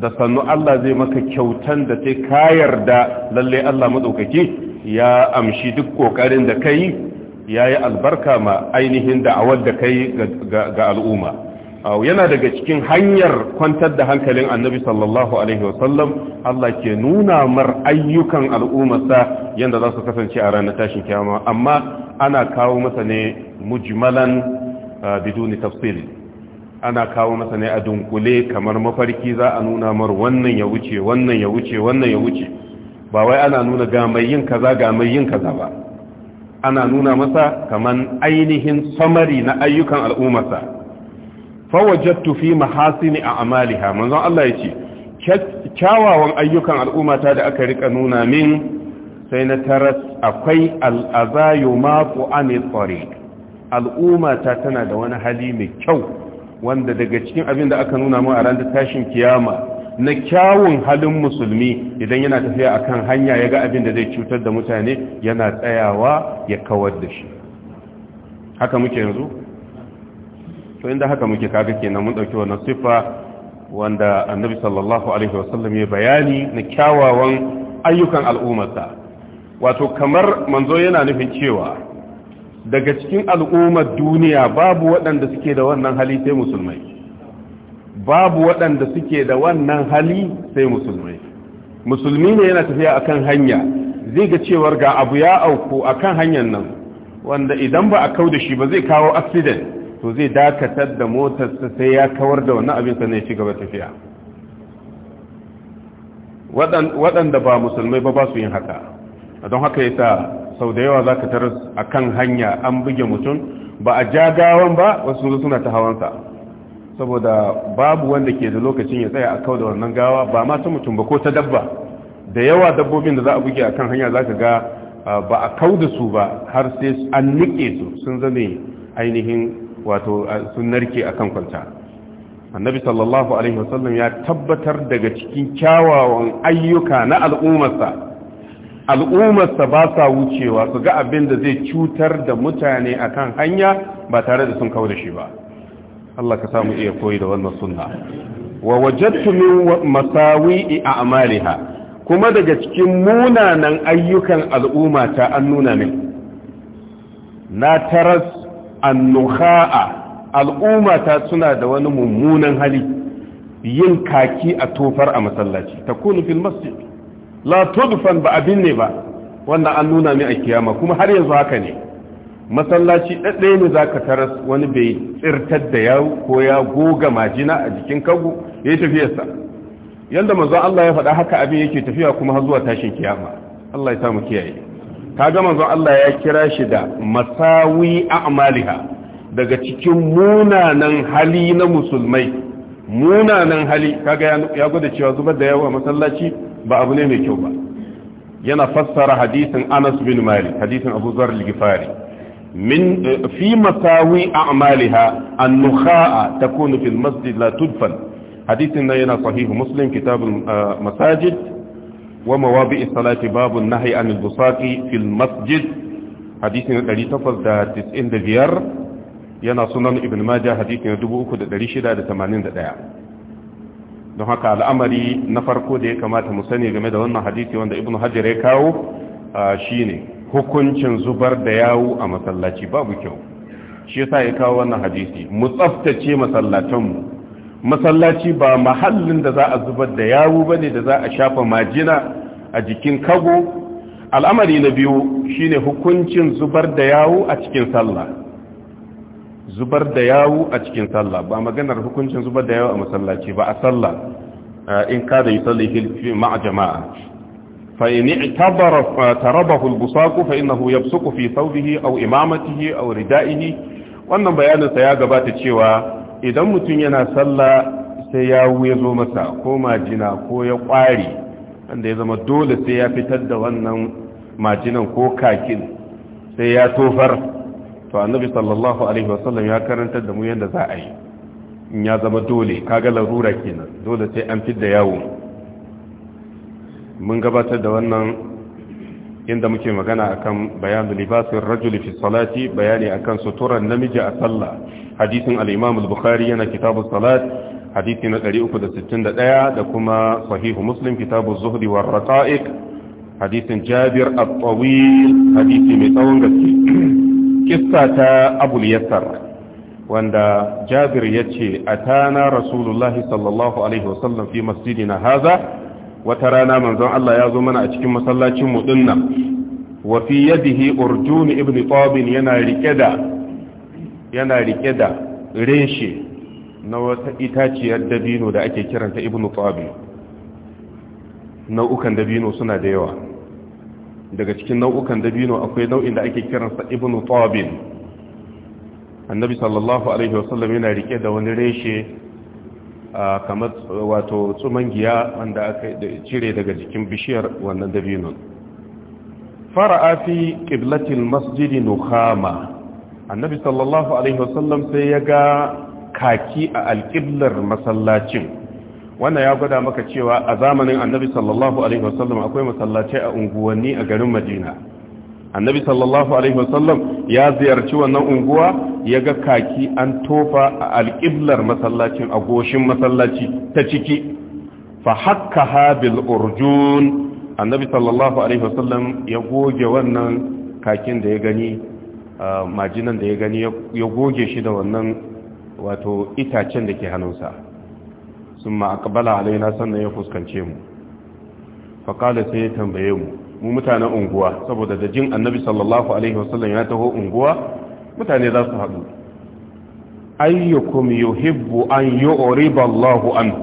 da sannu Allah zai maka kyautan da sai kayar da lalle Allah maɗaukaki ya amshi duk ƙoƙarin da kai yayi albarka ma ainihin da'awar da kai ga al'umma yana daga cikin hanyar kwantar da hankalin annabi sallallahu alaihi wasallam Allah ke nuna mar ayyukan al'ummarsa yadda za su kasance a ranar tashin kyama amma ana kawo masa ne mujmalan ah, biduni tafsil ana kawo masa ne a dunkule kamar mafarki za a nuna mar wannan ya wuce wannan ya wuce wannan ya wuce ba wai ana nuna ga mai yin kaza ga mai yin kaza ba ana nuna masa kaman ainihin samari na ayyukan al'ummarsa fawajattu fi mahasini a amaliha manzon Allah ya ce kyawawan ayyukan al'ummata da aka rika nuna min sai na taras akwai al'azayu mafu anil tsari al'ummata tana da wani hali mai kyau wanda daga cikin abin da aka nuna mu a ranar tashin kiyama na kyawun halin musulmi idan yana tafiya akan hanya ya ga abin da zai cutar da mutane yana tsayawa ya kawar da shi haka muke yanzu to inda haka muke kaga kenan mun dauki wannan siffa wanda annabi sallallahu alaihi wasallam ya bayani na kyawawan ayyukan al'ummarsa wato kamar manzo yana nufin cewa daga cikin al'ummar duniya babu waɗanda suke da wannan hali sai musulmai babu waɗanda suke da wannan hali sai musulmai musulmi ne yana tafiya akan hanya zai ga cewar ga abu ya auku akan hanyar nan wanda idan ba a kau da shi ba zai kawo accident to zai dakatar da motarsa sai ya kawar da wani abin sannan ya ci gaba tafiya waɗanda ba musulmai ba ba su yin haka don haka ya sa sau da yawa za ka tarar a kan hanya an buge mutum ba a ja gawan ba wasu suna ta hawansa saboda babu wanda ke da lokacin ya tsaya a kau da wannan gawa ba ma ta mutum ba ko ta dabba da yawa dabbobin da za a buge a kan hanya za ka ga ah, ba a kau da su ba har sai an nike su sun zame ainihin wato sun narke akan kwanta annabi sallallahu alaihi wasallam ya tabbatar daga cikin kyawawan ayyuka na al'ummarsa al'ummarsa ba sa wucewa su ga abin da zai cutar da mutane akan hanya ba tare da sun kawo da shi ba Allah ka samu iya koyi da wannan sunna wa wajadtu min masawi'i a'maliha kuma daga cikin munanan ayyukan al'umma ta an nuna min na taras annuha'a al'umma ta suna da wani mummunan hali yin kaki a tofar a masallaci ta kunu fil masjid la tudfan ba abin ne ba wannan an nuna ne a kiyama kuma har yanzu haka ne masallaci ɗaɗɗaya ne za ka taras wani bai tsirtar da ya ko ya goga majina a jikin kagu ya yi tafiyarsa yadda mazan Allah ya faɗa haka abin yake tafiya kuma har zuwa tashin kiyama Allah ya samu kiyaye kaga manzon Allah ya kira shi da masawi a'maliha daga cikin munanan hali na musulmai munanan hali kaga ya gwada cewa zubar da yawa masallaci ba abu ne mai kyau ba yana fassara hadisin Anas bin Malik hadisin Abu Zar al-Ghifari min eh, fi masawi a'maliha an-nukha'a takunu fil masjid la tudfan hadisin nan yana sahihu Muslim kitabul eh, masajid wa mawabi salati babu nahyi anil busaqi fil masjid hadisi na 895 yana sunan ibn majah hadisi na 3681 don haka al'amari na farko da ya kamata mu sani game da wannan hadisi wanda ibn hajjar ya kawo shine hukuncin zubar da yawu a masallaci babu kyau shi yasa ya kawo wannan hadisi mu tsaftace masallatanmu masallaci ba mahallin da za a zubar da yawu ba ne, da za a shafa majina a jikin kago al'amari na biyu shine hukuncin zubar da yawu a cikin sallah zubar da yawu a cikin sallah ba maganar hukuncin zubar da yawu a masallaci ba a sallah eh, in ka da yi sallihi ma'a jama'a fa in i'tabara tarabahu al-busaq fa innahu yabsuqu fi thawbihi aw imamatihi aw ridaihi wannan bayanin sa ya gabata cewa idan mutum yana sallah sai yawu ya zo masa ko majina ko ya kware wanda ya zama dole sai ya fitar da wannan majinan ko kakin sai ya tofar to annabi sallallahu alaihi wasallam ya karantar da mu yanda za a yi in ya zama dole kaga larura kenan dole sai an fidda yawo mun gabatar da wannan inda muke magana akan bayanu libasin rajuli fi salati bayani akan suturan namiji a sallah hadisin al-imam al-bukhari yana kitabu salat hadisi na 361 da kuma sahihu muslim kitabu zuhdi war raqa'iq hadisin jabir at-tawil hadisi mai tsawon gaske kissa ta abul yassar wanda jabir yace atana rasulullahi sallallahu alaihi wasallam fi masjidina hadha wata rana manzon Allah ya zo mana a cikin masallacin mu dinna wa fi yadihi urjun ibn tabin yana rike da yana rike da reshe na wata itaciyar dabino da ake kiranta ibn tabin nau'ukan dabino suna da yawa daga cikin nau'ukan dabino akwai nau'in da ake kiransa ibn tabin annabi sallallahu alaihi wasallam yana rike da wani reshe kamar wato tsuman giya wanda aka cire daga jikin bishiyar wannan dabinon fara'a fi ƙiblatin masjidi nukhama annabi sallallahu alaihi wasallam sai ya ga kaki a alqiblar masallacin wannan ya gwada maka cewa a zamanin annabi sallallahu alaihi wasallam akwai masallacai a unguwanni a garin madina annabi sallallahu alaihi wasallam ya ziyarci wannan unguwa ya ga kaki an tofa a alƙiblar masallacin a goshin masallaci ta ciki fa hakka bil urjun annabi sallallahu alaihi wasallam ya goge wannan kakin da ya gani majinan da ya gani ya goge shi da wannan wato itacen da ke hannunsa sun ma'akabala alaina sannan ya fuskance mu faƙala sai ya tambaye mu mu mutanen unguwa saboda da jin annabi sallallahu alaihi wasallam ya taho unguwa mutane za su haɗu ayyukum yuhibbu an yu'riba Allahu anhu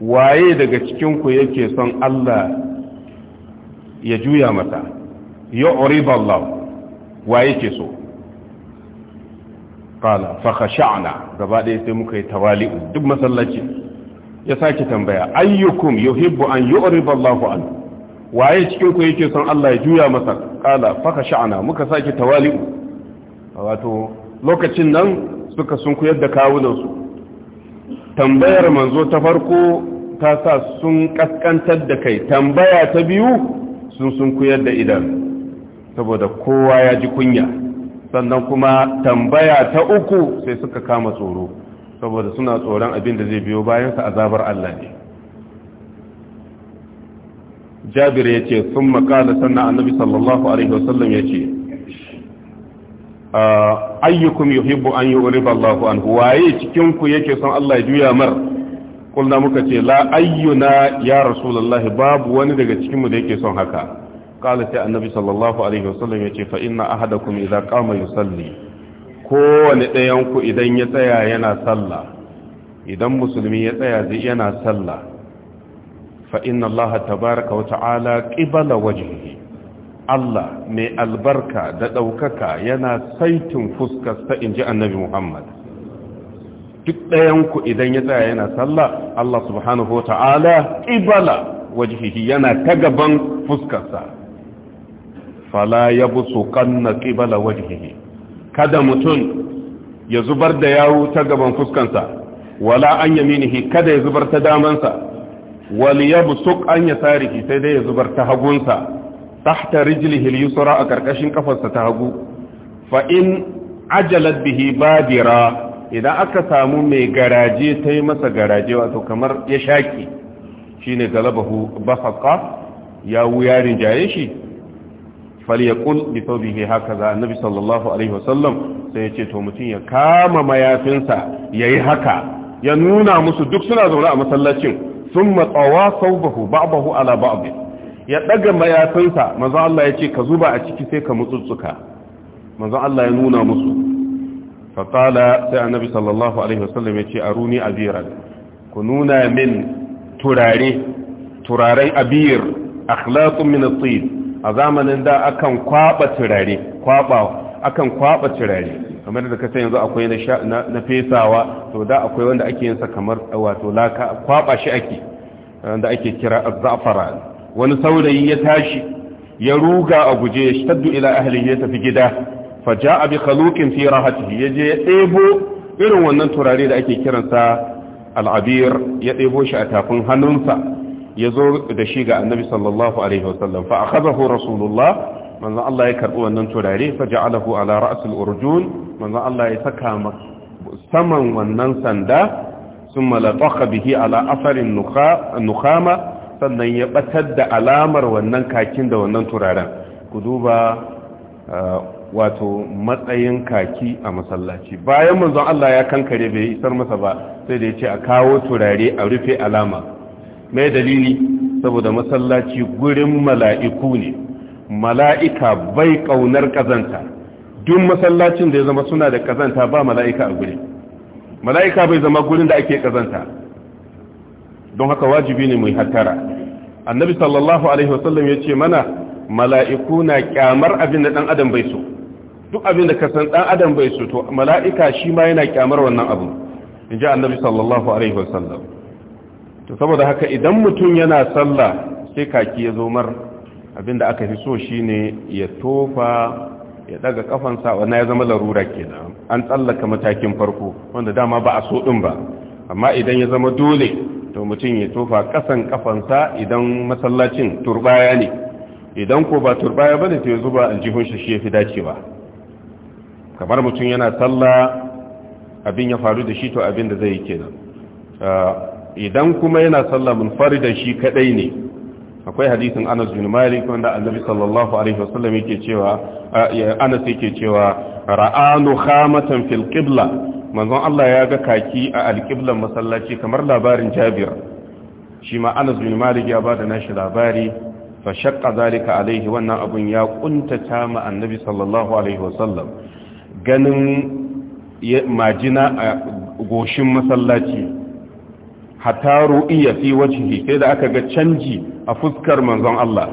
waye daga cikin ku yake son Allah ya juya mata yu'riba Allahu waye ke so qala fa khasha'na gaba ɗaya sai muka yi tawali'u duk masallaci ya sake tambaya ayyukum yuhibbu an yu'riba Allahu anhu waye cikin ku yake son Allah ya juya masa kala faka sha'ana muka saki tawali wato lokacin nan suka sun kuyar kawunan su. tambayar manzo ta farko ta sa sun kaskantar da kai tambaya ta biyu sun sun ku da idan saboda kowa ya ji kunya sannan kuma tambaya ta uku sai suka kama tsoro saboda suna tsoron abin da zai biyo bayansa azabar Allah ne jabir ya ce sun makala sannan annabi sallallahu alaihi wasallam ya ce ayyukum yuhibbu an yu'riba Allahu anhu waye cikin ku yake son Allah ya juya mar kulna muka ce la ayyuna ya rasulullahi babu wani daga cikin mu da yake son haka kala sai annabi sallallahu alaihi wasallam ce, fa inna ahadakum idza qama yusalli kowane ɗayan ku idan ya tsaya yana sallah idan musulmi ya tsaya zai yana sallah fa’in Allah tabaraka wata’ala ƙibala wajenhi, Allah mai albarka da ɗaukaka yana saitin fuskas ta in ji annabi Muhammad. Duk ɗayanku idan ya tsaya yana sallah, Allah subhanahu wata’ala ƙibala wajenhi yana ta gaban fuskasa. Fala ya su ƙanna ƙibala wajenhi, kada mutum ya zubar da yawu ta gaban fuskansa, wala an yamini kada ya zubar ta damansa. wal yabsuq an yasarihi sai dai ya zubar ta hagunsa tahta rijlihi al-yusra a karkashin ƙafarsa ta hagu fa in ajalat bihi badira idan aka samu mai garaje ta yi masa garaje wato kamar ya shaki shine galabahu basaqa ya wuya rinjaye shi falyaqul bi thawbihi hakaza annabi sallallahu alaihi wasallam sai yace to mutum ya kama mayafinsa yayi haka ya nuna musu duk suna zaune a masallacin sun matsawa saubahu ba'abahu ala ba'abi ya ɗaga mayafinsa maza Allah ya ce ka zuba a ciki sai ka mutsutsuka maza Allah ya nuna musu fatala sai annabi sallallahu alaihi wasallam ya ce a runi abiran ku nuna min turare turaren abir akhlaqun min at-tib a zamanin da akan kwaba turare kwaba akan kwaba turare kamar da kasan yanzu akwai na fesawa to da akwai wanda ake yinsa kamar wato laka kwaba shi ake wanda ake kira azzafara wani saurayi ya tashi ya ruga a guje ya shaddu ila ahli ya tafi gida fa ja'a bi khaluqin fi rahatihi yaje ya debo irin wannan turare da ake kiransa al'abir ya debo shi a tafin hannunsa ya zo da shi ga annabi sallallahu alaihi wasallam fa akhadahu rasulullah manzon Allah ya karbi wannan turare fa ja'alahu ala ra'sil urjun manzon Allah ya saka saman wannan sanda thumma lataqa bihi ala afarin nukhama sannan ya batar da alamar wannan kakin da wannan turaren ku duba eh, wato matsayin kaki a masallaci bayan manzon Allah ya kankare bai isar masa ba sai da ya ce a kawo turare a rufe alama mai dalili saboda masallaci gurin mala'iku ne mala'ika bai kaunar kazanta duk masallacin da ya zama suna da kazanta ba mala'ika a guri mala'ika bai zama gurin da ake kazanta don haka wajibi ne mai hattara annabi sallallahu alaihi wasallam ya ce mana mala'iku na kyamar abin da dan adam bai so duk abin da kasan dan adam bai so to mala'ika shi ma yana kyamar wannan abu in ji annabi sallallahu alaihi wasallam to saboda haka idan mutum yana sallah sai kaki ya zo mar abinda aka fi so shine ya tofa ya daga kafansa wannan ya zama larura kenan an tsallaka matakin farko wanda dama ba a so din ba amma idan ya zama dole to mutum ya tofa kasan kafansa idan masallacin turbaya ne idan ko ba turbaya bane to ya zuba aljihun shi shi yafi dacewa kamar mutum yana sallah abin ya faru da shi to abin da zai yi kenan ah, idan kuma yana sallah da shi kadai ne akwai hadisin Anas bin Malik wanda Annabi sallallahu alaihi wasallam yake cewa Anas yake cewa ra'anu khamatan fil qibla manzon Allah ya ga kaki a alqiblan masallaci kamar labarin Jabir shi ma Anas bin Malik ya bada nashi labari fa shaqqa zalika alaihi wannan abun ya kuntata ma Annabi sallallahu alaihi wasallam ganin majina a goshin masallaci hatta ru'iya fi wajhihi sai da aka ga canji a fuskar manzon Allah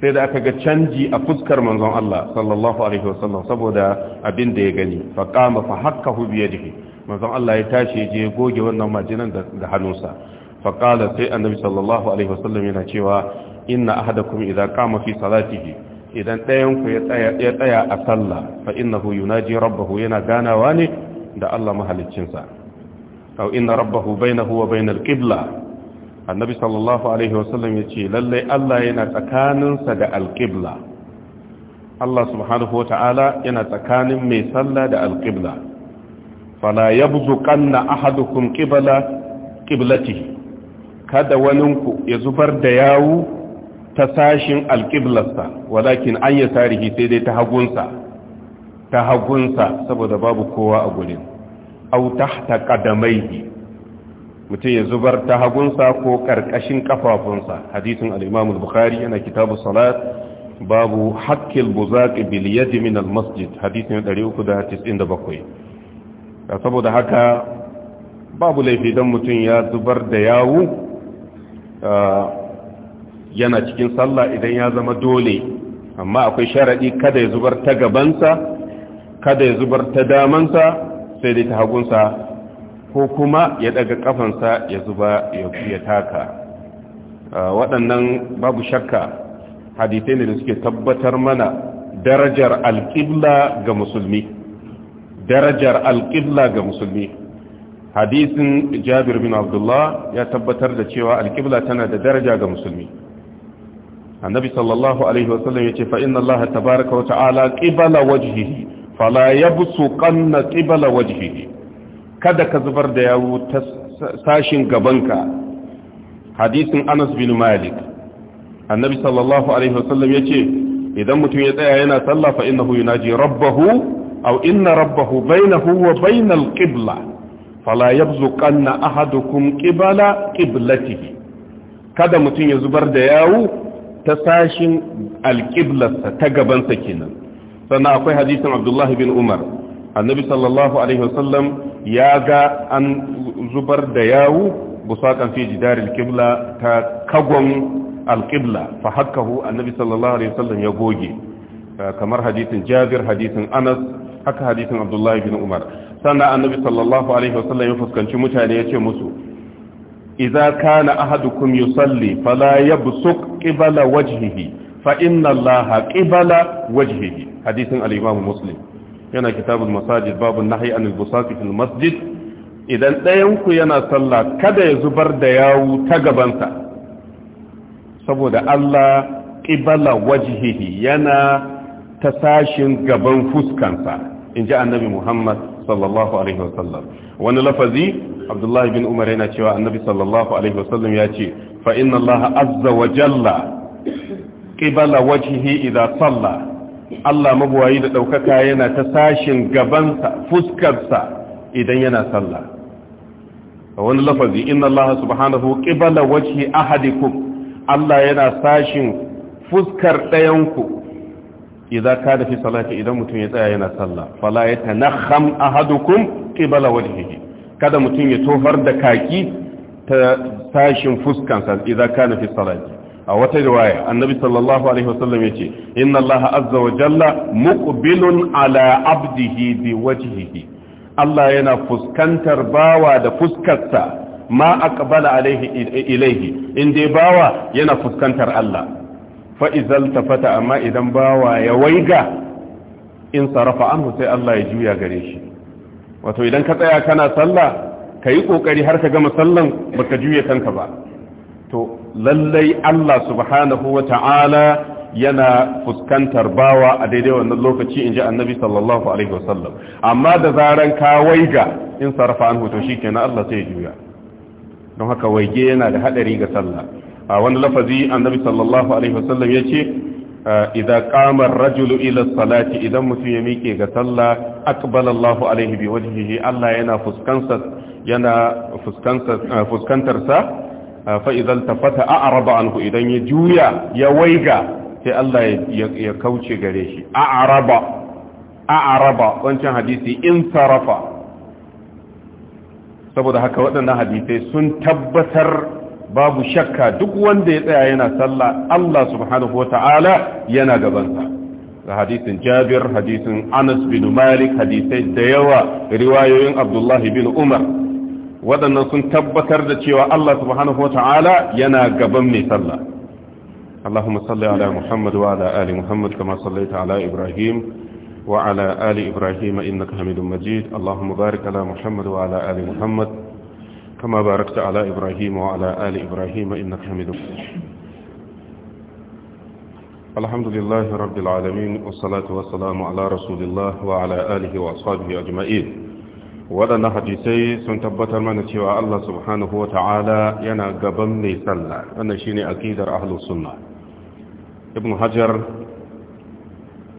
sai da aka ga canji a fuskar manzon Allah sallallahu alaihi wasallam saboda abin da ya gani fa qama fa hakkahu bi yadihi manzon Allah ya tashi je goge wannan majinan da hannunsa fa qala sai annabi sallallahu alaihi wasallam yana cewa inna ahadakum idza qama fi salatihi idan ɗayan ku ya tsaya a sallah fa innahu yunaji rabbahu yana ganawa ne da Allah mahaliccinsa aw inna rabbahu bainahu wa bainal qibla annabi sallallahu alaihi wasallam ya ce lallai Allah yana tsakaninsa da alƙibla Allah subhanahu wata'ala yana tsakanin mai sallah da alƙibla fala yabzuqanna ahadukum qibla qiblatihi kada waninku ya zubar da yawu ta sashin alƙiblarsa walakin an ya tarihi sai dai ta hagunsa ta hagunsa saboda babu kowa a gurin au tahta bi. mutum ya zubar ta hagunsa ko karkashin kafafunsa hadisin al'imamul al-bukhari yana kitabu salat babu haqqil buzaƙi bil min al-masjid hadisin 397 saboda haka babu laifi dan mutum ya zubar da yawu yana cikin sallah idan ya zama dole amma akwai sharaɗi kada ya zubar ta gabansa kada ya zubar ta damansa sai dai ta hagunsa ko kuma ya daga kafansa ya zuba ya taka waɗannan babu shakka hadithai ne da suke tabbatar mana darajar alƙibla ga musulmi darajar alƙibla ga musulmi hadisin jabir bin abdullah ya tabbatar da cewa alƙibla tana da daraja ga musulmi annabi sallallahu alaihi wasallam ya ce fa inna allaha tabaraka wa ta'ala qibala wajhihi su ƙanna ƙibala wajihi. kada ka zubar da yawo ta sashin gabanka hadisin anas bin malik annabi sallallahu alaihi wasallam ya ce idan mutum ya tsaya yana sallah fa innahu yunaji rabbahu aw inna rabbahu bainahu wa bainal qibla fala yabzuqanna ahadukum ƙibala qiblatihi kada mutum ya zubar da yawo ta sashin alqiblarsa ta gabansa kenan sannan akwai hadisin abdullahi bin umar annabi sallallahu alaihi wasallam ya ga an zubar da yawu busakan fi jidaril qibla ta kagon alqibla fa hakkahu annabi sallallahu alaihi wasallam ya goge kamar hadisin Jabir hadisin Anas haka hadisin abdullahi ibn Umar sannan annabi sallallahu alaihi wasallam ya fuskanci mutane ya ce musu idza kana ahadukum yusalli fala yabsuq qibala wajhihi fa inna allaha qibala wajhihi hadisin al-imam muslim yana kitabul masajid babu nahyi anil busati fil masjid idan ɗayan ku yana sallah kada ya zubar da yawu ta gabansa saboda Allah qibala wajhihi yana ta sashin gaban fuskansa inji annabi Muhammad sallallahu alaihi wasallam wani lafazi Abdullahi bin Umar yana cewa annabi sallallahu alaihi wasallam ya ce fa inna Allah azza wa jalla qibala wajhihi idza salla Allah mabuwayi da ɗaukaka yana ta sashin gabansa fuskarsa idan yana sallah a wani lafazi inna Allah subhanahu qibala wajhi ahadikum Allah yana sashin fuskar ɗayanku idan ka da fi salati idan mutum ya tsaya yana sallah fala ya tanakham ahadukum qibala wajhihi kada mutum ya tofar da kaki ta sashin fuskansa idan ka da fi salati a wata riwaya annabi sallallahu alaihi wasallam yace inna Allah azza wa jalla muqbilun ala abdihi bi wajhihi Allah yana fuskantar bawa da fuskarsa ma aqbala alaihi ilaihi in dai bawa yana fuskantar Allah fa izal tafata amma idan bawa ya waiga in sarafa anhu sai Allah ya juya gare shi wato idan ka tsaya kana sallah kayi kokari har ka gama sallan baka juye kanka ba to lallai Allah subhanahu wa ta'ala yana fuskantar bawa a daidai wannan lokaci in ji annabi sallallahu alaihi wasallam amma da zaren kawaiga in sarrafa an hoto shi kenan Allah sai juya don haka waige yana da haɗari ga sallah a wani lafazi annabi sallallahu alaihi wasallam ya ce ah, idza qama ar-rajulu ila salati idan mutum ya miƙe ga sallah aqbala Allahu alaihi bi wajhihi Allah yana fuskantar yana fuskantar ah, fuskantar sa fa fata tafata a'rada anhu idan ya juya ya waiga sai Allah ya kauce gare shi a'raba a'raba wancan hadisi in sarafa saboda haka waɗannan hadisai sun tabbatar babu shakka duk wanda ya tsaya yana sallah Allah subhanahu wata'ala yana gabansa da hadisin Jabir hadisin Anas bin Malik hadisai da yawa riwayoyin abdullahi bin Umar waɗannan sun tabbatar da cewa Allah subhanahu wa ta'ala yana gaban mai sallah Allahumma salli ala Muhammad wa ala ali Muhammad kama sallaita ala Ibrahim wa ala ali Ibrahim ka hamidun Majid Allahumma barik ala Muhammad wa ala ali Muhammad kama barakta ala Ibrahim wa ala ali Ibrahim innaka Hamidum Majid Alhamdulillahi rabbil alamin was salatu wa salamu ala rasulillah wa ala alihi wa ashabihi ajma'in waɗannan hadisai sun tabbatar mana cewa Allah subhanahu wa ta'ala yana gaban mai sallah wannan shine aqidar ahlus sunna ibn hajar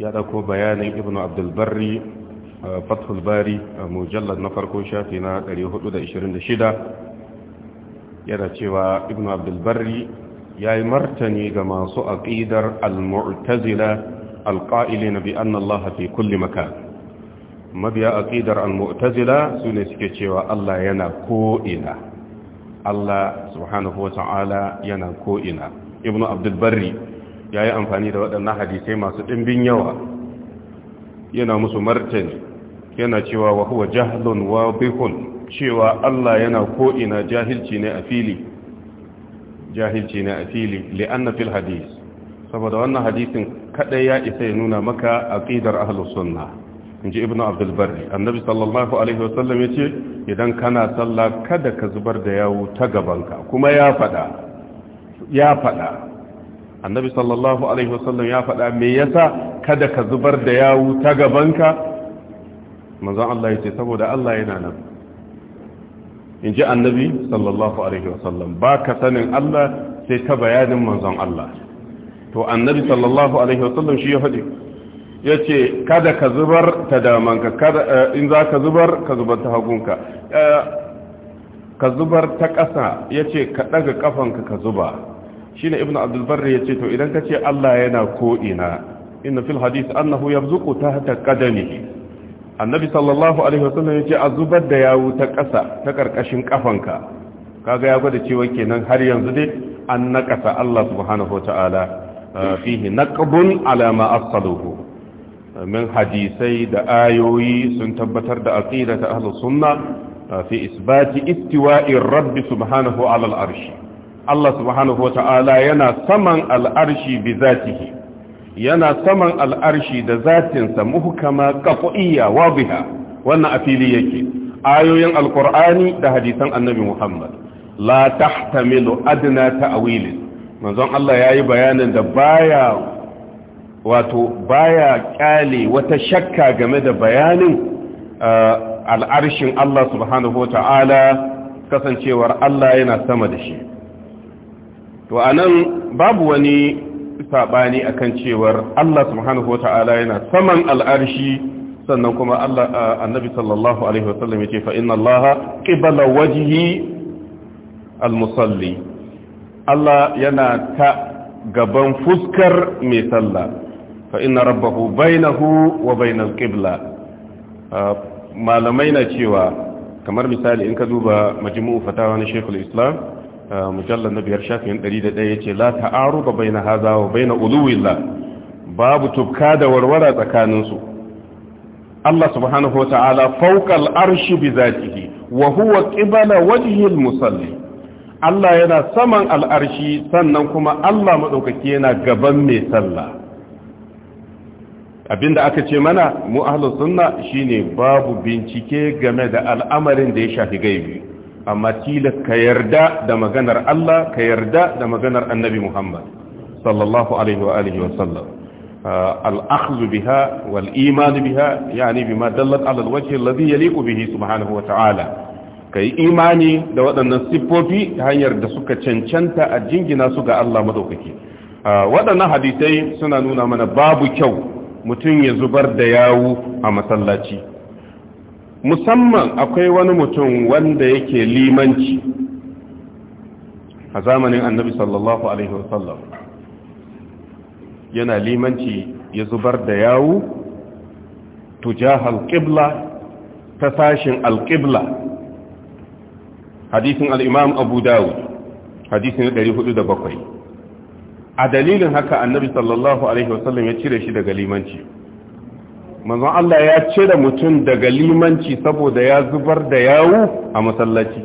ya dauko bayanin ibn abdul barri fathul bari mujallad na farko shafi na 426 yana cewa ibn abdul barri yayi martani ga masu aqidar al-mu'tazila al-qa'ilina bi anna Allah fi kulli makan mabiya aqidar al-mu'tazila sune suke cewa Allah yana ko'ina Allah subhanahu wata'ala yana ko'ina ibnu abdul barri yayi amfani da waɗannan hadisai masu dimbin yawa yana musu martani yana cewa wa huwa jahlun wadihun cewa Allah yana ko'ina jahilci ne a fili jahilci ne a fili li'anna fil hadis saboda wannan hadisin kada ya isa ya nuna maka aqidar ahlus sunnah in ji ibn abdulbari annabi sallallahu alaihi wasallam ya ce idan kana sallah kada ka zubar da yawo ta gabanka kuma ya fada ya fada annabi sallallahu alaihi wasallam ya fada me yasa kada ka zubar da yawo ta gabanka manzon Allah ya ce saboda Allah yana nan in ji annabi sallallahu alaihi wasallam ba ka sanin Allah sai ta bayanin manzon Allah to annabi sallallahu alaihi wasallam shi ya faɗi ya ce kada ka zubar ta damanka eh, in za ka zubar ka zubar ta hagunka eh, ka zubar ta ƙasa ya ce ka ɗaga ƙafanka ka zuba shi ne ibn abdulbarri ya ce to idan ka ce allah yana ko'ina inna fil hadis annahu yabzuku ta hata ƙadami annabi sallallahu alaihi wasallam ya ce a zubar da yawu ta ƙasa ta ƙarƙashin ƙafanka kaga ya gwada cewa kenan har yanzu dai an naƙasa allah subhanahu wa ta'ala eh, fihi naqbun ala ma asaluhu min hadisai da ayoyi sun tabbatar da aqida ta ahlus sunna fi isbati istiwa'ir rabbi subhanahu ala al Allah subhanahu wa ta'ala yana saman al'arshi arshi yana saman al'arshi da zatinsa muhkama qat'iyya wabiha, wannan a fili yake ayoyin al-qur'ani da hadisan annabi Muhammad la tahtamilu adna ta'wilin manzon Allah yayi bayanin da baya wato baya kyale wata shakka game da bayanin uh, al'arshin Allah subhanahu wa ta'ala kasancewar Allah yana sama da shi to anan babu wani sabani akan cewar Allah subhanahu wa ta'ala yana saman al'arshi sannan kuma Allah uh, annabi sallallahu alaihi wasallam yace fa inna Allah qibala wajhi al-musalli Allah yana ta gaban fuskar mai sallah fa inna rabbahu bainahu wa bainal qibla ah, malamai na cewa kamar misali in ka duba majmu'u fatawa na Sheikhul Islam ah, mujallal na biyar shafin 101 yace la ta'aruba baina haza wa baina uluwillah babu tubka da warwara tsakanin su Allah subhanahu wa ta'ala fawqa al-arshi bi zatihi wa huwa ƙibala wajhi al-musalli Allah yana saman al'arshi sannan kuma Allah maɗaukaki yana gaban mai sallah abinda aka ce mana mu ahlus sunna shine babu bincike game da al'amarin da ya shafi gaibi amma tilas ka yarda da maganar Allah ka yarda da maganar Annabi Muhammad sallallahu alaihi wa alihi wa sallam ah, al-akhdhu biha wal iman biha yani bima dallat ala al-wajh alladhi yaliqu bihi subhanahu wa ta'ala kai imani da waɗannan siffofi hanyar da suka cancanta a jingina su ga Allah madaukaki ah, waɗannan hadisai suna nuna mana babu kyau mutum ya zubar da yawu a masallaci musamman akwai wani mutum wanda yake limanci a zamanin annabi sallallahu alaihi wasallam yana limanci ya zubar da yawu tujahal qibla ta sashin alqibla hadisin al-imam abu dawud hadisin 407 a dalilin haka annabi sallallahu alaihi wasallam ya cire shi daga limanci manzon Allah ya cire mutum daga limanci saboda ya zubar da yawu a masallaci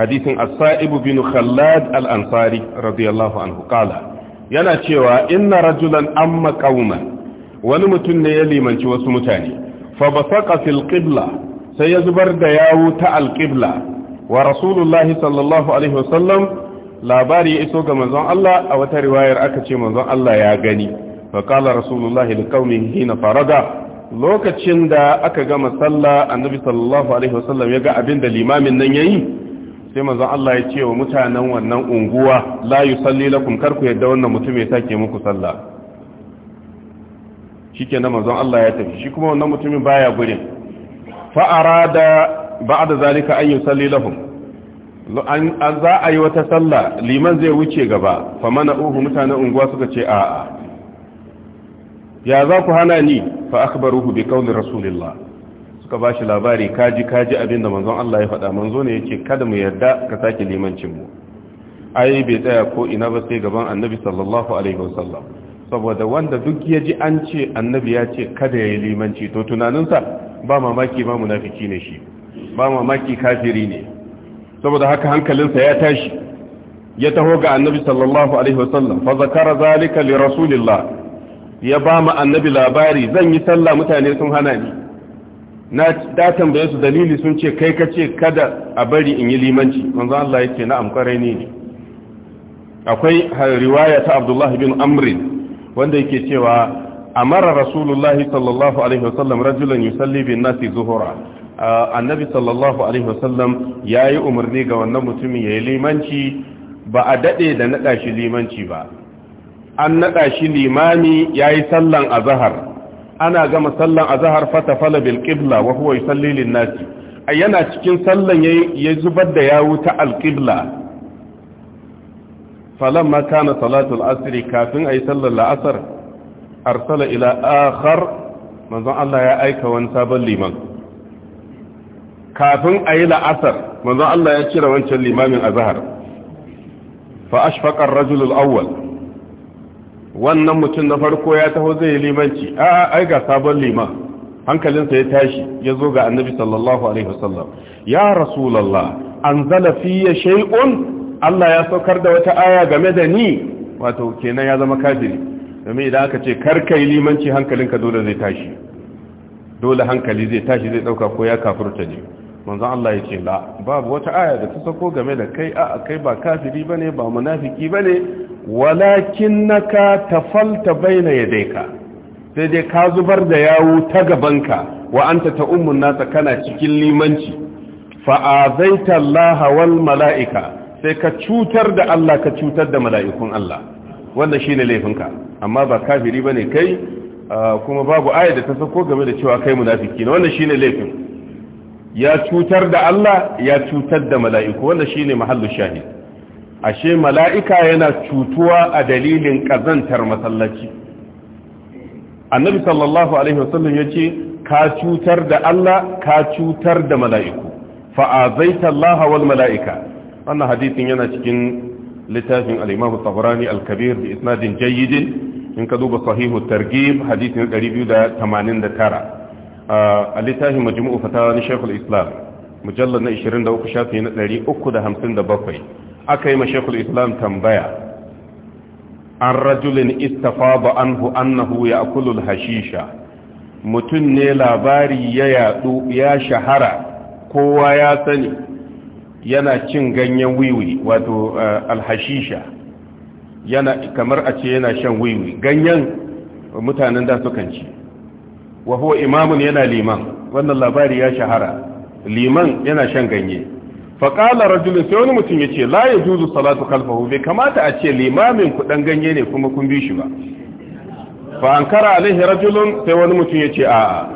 hadisin as-sa'ib bin khallad al-ansari radiyallahu anhu qala yana cewa inna rajulan amma qauman wani mutum ne ya limanci wasu mutane fa basaqa fil qibla sai ya zubar da yawu ta al-qibla wa rasulullahi sallallahu alaihi wasallam labari ya iso ga manzon Allah a wata riwayar aka ce manzon Allah ya gani fa qala rasulullahi hina farada lokacin da aka gama sallah annabi sallallahu alaihi wasallam ya ga abin da limamin nan yayi sai manzon Allah ya ce wa mutanen wannan unguwa la yusalli lakum karku yadda wannan mutum ya sake muku sallah shikenan manzon Allah ya tafi shi kuma wannan mutumin baya gurin fa arada ba'da zalika an yusalli lahum za a yi wata sallah liman zai wuce gaba mana uhu mutanen unguwa suka ce a'a ya za ku hana ni fa akhbaruhu bi qawli rasulillah suka bashi labari kaji kaji abinda manzon Allah ya faɗa manzo ne yake kada mu yarda ka sake limancin mu ai bai tsaya ko ina ba sai gaban annabi sallallahu alaihi wasallam saboda wanda duk ya ji an ce annabi ya ce kada ya yi limanci to tunaninsa ba mamaki ba munafiki ne shi ba mamaki kafiri ne saboda haka hankalinsa ya tashi ya taho ga annabi sallallahu alaihi wasallam fa zakara zalika li rasulillah ya ba mu annabi labari zan yi sallah mutane sun hana ni na da tambaye su dalili sun ce kai ka ce kada a bari in yi limanci manzo Allah yake na amkare ne akwai riwaya ta Abdullah bin Amr wanda yake cewa amara rasulullahi sallallahu alaihi wasallam rajulan yusalli bin nasi zuhura annabi sallallahu alaihi wasallam ya yi umarni ga wannan mutumin ya yi limanci ba a daɗe da naɗa shi limanci ba an naɗa shi limami ya yi sallan azahar ana gama sallan azahar fata fala bil qibla wa huwa nasi yana cikin sallan ya zubar da yawu ta al qibla falamma kana salatul asiri kafin ayi sallar la'asar arsala ila akhar manzon Allah ya aika wani sabon liman kafin a yi la'asar manzo Allah ya cire wancan limamin azhar fa ashfaqa ar-rajul al-awwal wannan mutum na farko ya taho zai yi limanci a ai ga sabon liman hankalinsa ya tashi ya zo ga annabi sallallahu alaihi wasallam ya rasulullah anzala fiyya shay'un Allah ya saukar da wata aya game da ni wato kenan ya zama kafiri domin idan aka ce karkai limanci hankalinka dole zai tashi dole hankali zai tashi zai dauka ko ya kafurta ne manzon Allah yake la babu wata aya da ta sako game da kai a kai ba kafiri bane ba munafiki bane naka tafalta baina ya daika sai dai ka zubar da yawo ta gabanka wa anta ta ummun nasa kana cikin limanci fa azaita Allah wal malaika sai ka cutar da Allah ka cutar da mala'ikun Allah wanda shine laifinka amma ba kafiri bane kai ah, kuma babu aya da ta sako game da cewa kai munafiki ne wannan shine laifin ya cutar da Allah ya cutar da mala'iku wanda shine mahallu shahid ashe mala'ika yana cutuwa a dalilin ƙazantar masallaci annabi sallallahu alaihi wasallam ce, ka cutar da Allah ka cutar da mala'iku fa'azaita Allah wal mala'ika wannan hadisin yana cikin littafin al-Imam Tabarani al-Kabir bi isnadin jayyidin in ka duba sahihu targhib hadisin 289 a littafin majmu'u fatawa na Sheikhul Islam mujallar na 23 shafi na 357 aka yi ma Sheikhul Islam tambaya an rajulin istafaba anhu annahu ya'kulu al-hashisha Mutum ne labari ya yadu ya shahara kowa ya sani yana cin ganyen wiwi wato alhashisha yana kamar a ce yana shan wiwi ganyen mutanen da sukan ci wa huwa imamun yana liman wannan labari ya shahara liman yana shan ganye faƙala rajulun sai wani mutum ya ce la ya juzu salatu kalfahu bai kamata a ce limamin ku ɗan ganye ne kuma kun bi shi ba fa an kara alaihi rajulun sai wani mutum ya ce a'a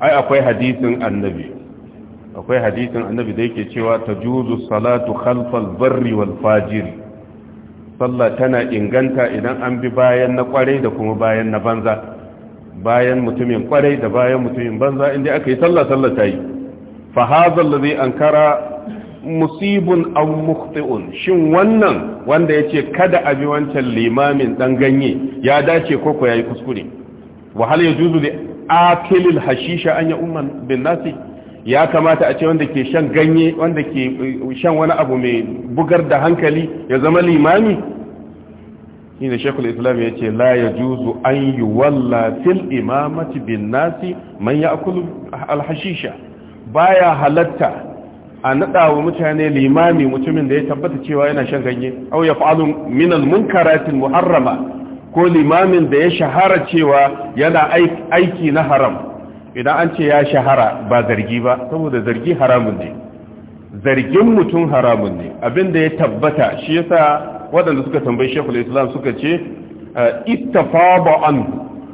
ai akwai hadisin annabi akwai hadisin annabi da yake cewa ta juzu salatu khalfal barri wal fajiri sallah tana inganta idan an bi bayan na kwarai da kuma bayan na banza bayan mutumin kwarai da bayan mutumin banza inda aka yi sallah sallah ta yi fa hadha allazi ankara musibun aw mukhti'un shin wannan wanda yace kada a bi wancan limamin dan ganye ya dace ko ko yayi kuskure wa hal yajuzu li akilil hashisha an ya umman bin nasi ya kamata a ce wanda ke shan ganye wanda ke eh, shan wani abu mai bugar da hankali ya zama limami shi ne shekul islam ya ce la ya juzu an yi walla fil imamati bin nasi man ya akulu alhashisha baya halatta a naɗa wa mutane limami mutumin da ya tabbata cewa yana shan ganye au ya fa'alu min almunkaratin muharrama ko limamin da ya shahara cewa yana aiki na haram idan an ce ya shahara ba zargi ba saboda zargi haramun ne zargin mutum haramun ne abin da ya tabbata shi yasa waɗanda suka tambayi shekul islam suka ce ittafaba an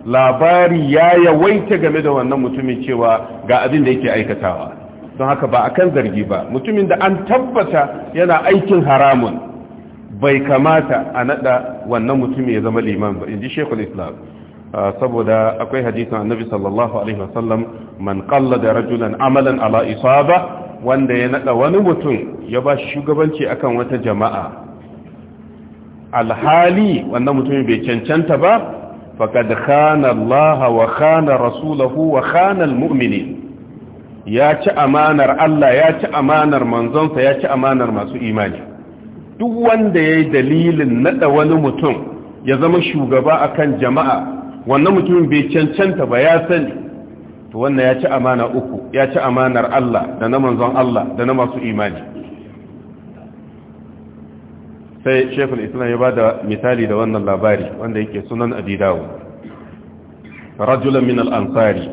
labari ya yawaita game da wannan mutumin cewa ga abin da yake aikatawa don haka ba akan zargi ba mutumin da an tabbata yana aikin haramun bai kamata a nada wannan mutumin ya zama liman ba inji shekul islam saboda akwai hadisin annabi sallallahu alaihi wasallam man qallada rajulan amalan ala isaba wanda ya nada wani mutum ya ba shugabanci akan wata jama'a alhali wannan mutumin bai cancanta ba faqad khana Allah wa khana rasulahu wa khana almu'minin ya ci amanar Allah ya ci amanar manzonsa ya ci amanar masu imani duk wanda yayi dalilin naɗa wani mutum ya zama shugaba akan jama'a wannan mutumin bai cancanta ba ya sani to wannan ya ci amana uku ya ci amanar Allah da na manzon Allah da na masu imani sai shekul islam ya ba da misali da wannan labari wanda yake sunan abidawo rajulan min al'ansari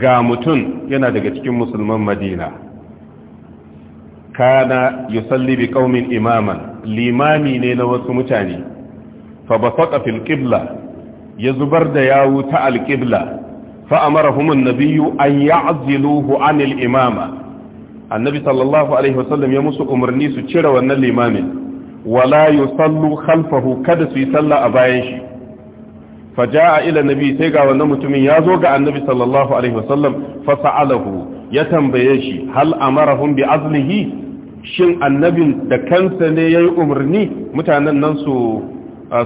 ga mutum yana daga cikin musulman madina kana yusalli bi ƙaumin imaman limami ne na wasu mutane fa basaqa fil ya zubar da yawu ta al qibla fa amarahum an biyu an ya'ziluhu anil imama annabi sallallahu alaihi wasallam ya musu umarni su cire wannan limamin wala yusallu khalfahu kada su yi sallah a bayan shi fa jaa ila nabi sai ga wannan mutumin ya zo ga annabi sallallahu alaihi wasallam fa sa'alahu ya tambaye shi hal amarahum bi azlihi shin annabin da kansa ne yayi umarni mutanen nan su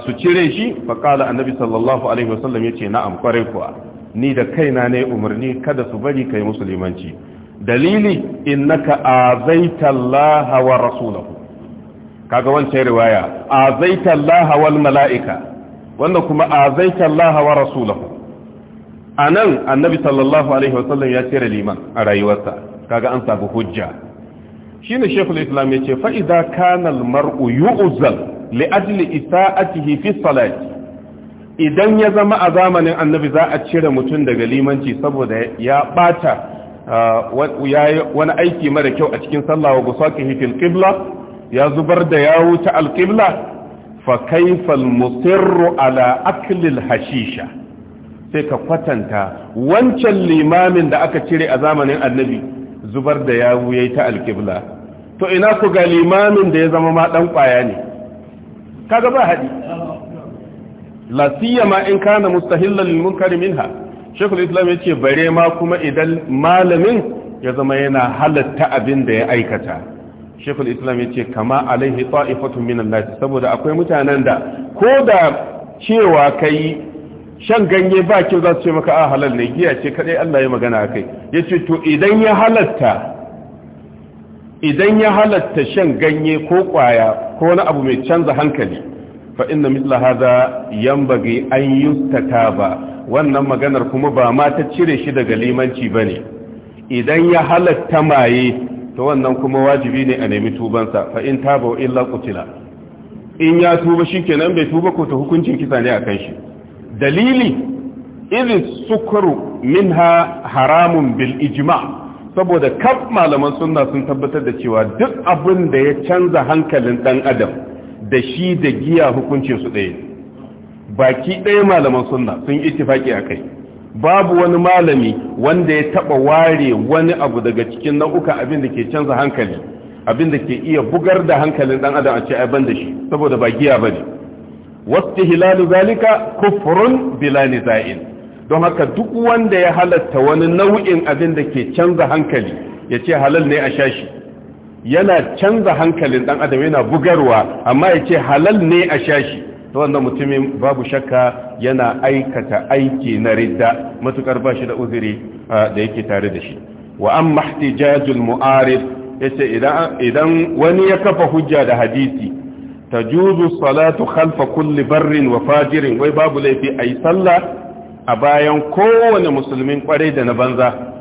su cire shi fa qala annabi sallallahu alaihi wasallam yace na'am kwarai kuwa ni da kaina ne umarni kada su bari kai musulmanci dalili innaka azaita Allah wa rasulahu kaga wancan riwaya azaita Allah wal mala'ika wanda kuma azaita Allah wa rasulahu anan annabi sallallahu alaihi wasallam ya tsere liman a rayuwarsa kaga an sabu hujja shine shaykhul islam yace fa idza kana al mar'u yu'zal li ajli isa'atihi fi salati idan ya zama a zamanin annabi za a cire mutum daga limanci saboda ya bata uh, wani aiki mara kyau a cikin sallah wa busaqihi fil qibla ya zubar da yawu ta alƙibla fa kaifal musirru ala aklil hashisha sai ka kwatanta wancan limamin da aka cire a zamanin annabi zubar da yawu yayi ta alƙibla to ina ku ga limamin da ya zama ma dan kwaya ne ga ba haɗi la in kana mustahillan lil munkari minha shekul islam ya ce bare ma kuma idan malamin ya zama yana halatta abin da ya aikata shekul islam ya ce kama alaihi ta'ifatun min Allah saboda akwai mutanen da ko da cewa kai shan ganye ba kyau za su ce maka a ah, halal ne giya ce kadai Allah ya magana kai ya ce to idan ya halatta idan ya halatta shan ganye ko kwaya ko wani abu mai canza hankali fa inna mithla hadha yanbaghi an yustataba wannan maganar kuma ba ma ta cire shi daga limanci bane idan ya halatta maye to wannan kuma wajibi ne a nemi tubansa fa in taba wa illa kutila in ya tuba shikenan bai tuba ko ta hukuncin kisa ne akan shi dalili idin sukuru minha haramun bil ijma saboda kaf malaman sunna sun tabbatar da cewa duk abin da ya canza hankalin dan adam da shi da giya hukuncin su ɗaya baki ɗaya malaman sunna sun ittifaki akai babu wani malami wanda ya taba ware wani abu daga cikin nau'uka abin da ke canza hankali abin da ke iya bugar da hankalin dan adam a ce ai banda shi saboda ba giya bane hilali zalika kufrun bila nizain don haka duk wanda ya halatta wani nau'in abin da ke canza hankali ya ce halal ne a shashi yana canza hankalin dan adam yana bugarwa amma ya ce halal ne a shashi to wannan mutumin babu shakka yana aikata aiki na ridda matukar ba shi da uzuri da yake tare da shi wa an mahtijajul mu'arid yace idan idan wani ya kafa hujja da hadisi tajuzu salatu khalfa kulli barrin wa fajirin wai babu laifi ayi sallah a bayan kowane musulmin kwarai da na banza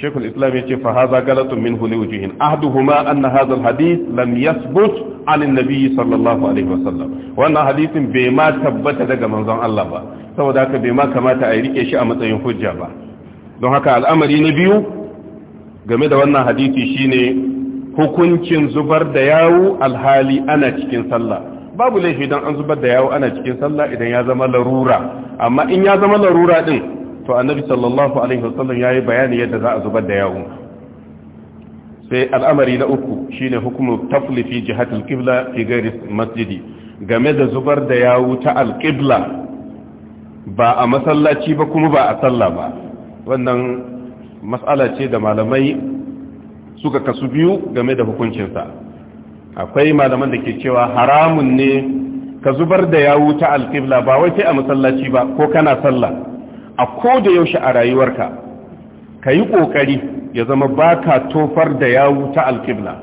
shekul islam ya ce fa haza galatun min huli wujuhin ahduhuma anna hadha alhadith lam yasbut an annabi sallallahu alaihi wasallam wannan hadisin bai ma tabbata daga manzon Allah ba saboda haka bai ma kamata a rike shi a matsayin hujja ba don haka al'amari na biyu game da wannan hadisi shine hukuncin zubar da yawo alhali ana cikin sallah babu laifi dan an zubar da yawo ana cikin sallah idan ya zama larura amma in ya zama larura din to annabi sallallahu alaihi wasallam yayi bayani yadda za a zubar da yawo sai al'amari na uku shine hukumu tafli fi jihati al-qibla fi ghairi masjidi game da zubar da yawo ta al-qibla ba a masallaci ba kuma ba a sallah ba wannan mas'ala ce da malamai suka kasu biyu game da hukuncinsa akwai malaman da ke cewa haramun ne ka zubar da yawo ta al-qibla ba wai sai a masallaci ba ko kana sallah a ko da yaushe a rayuwarka ka yi ƙoƙari ya zama ba ka tofar da yawu ta alƙibla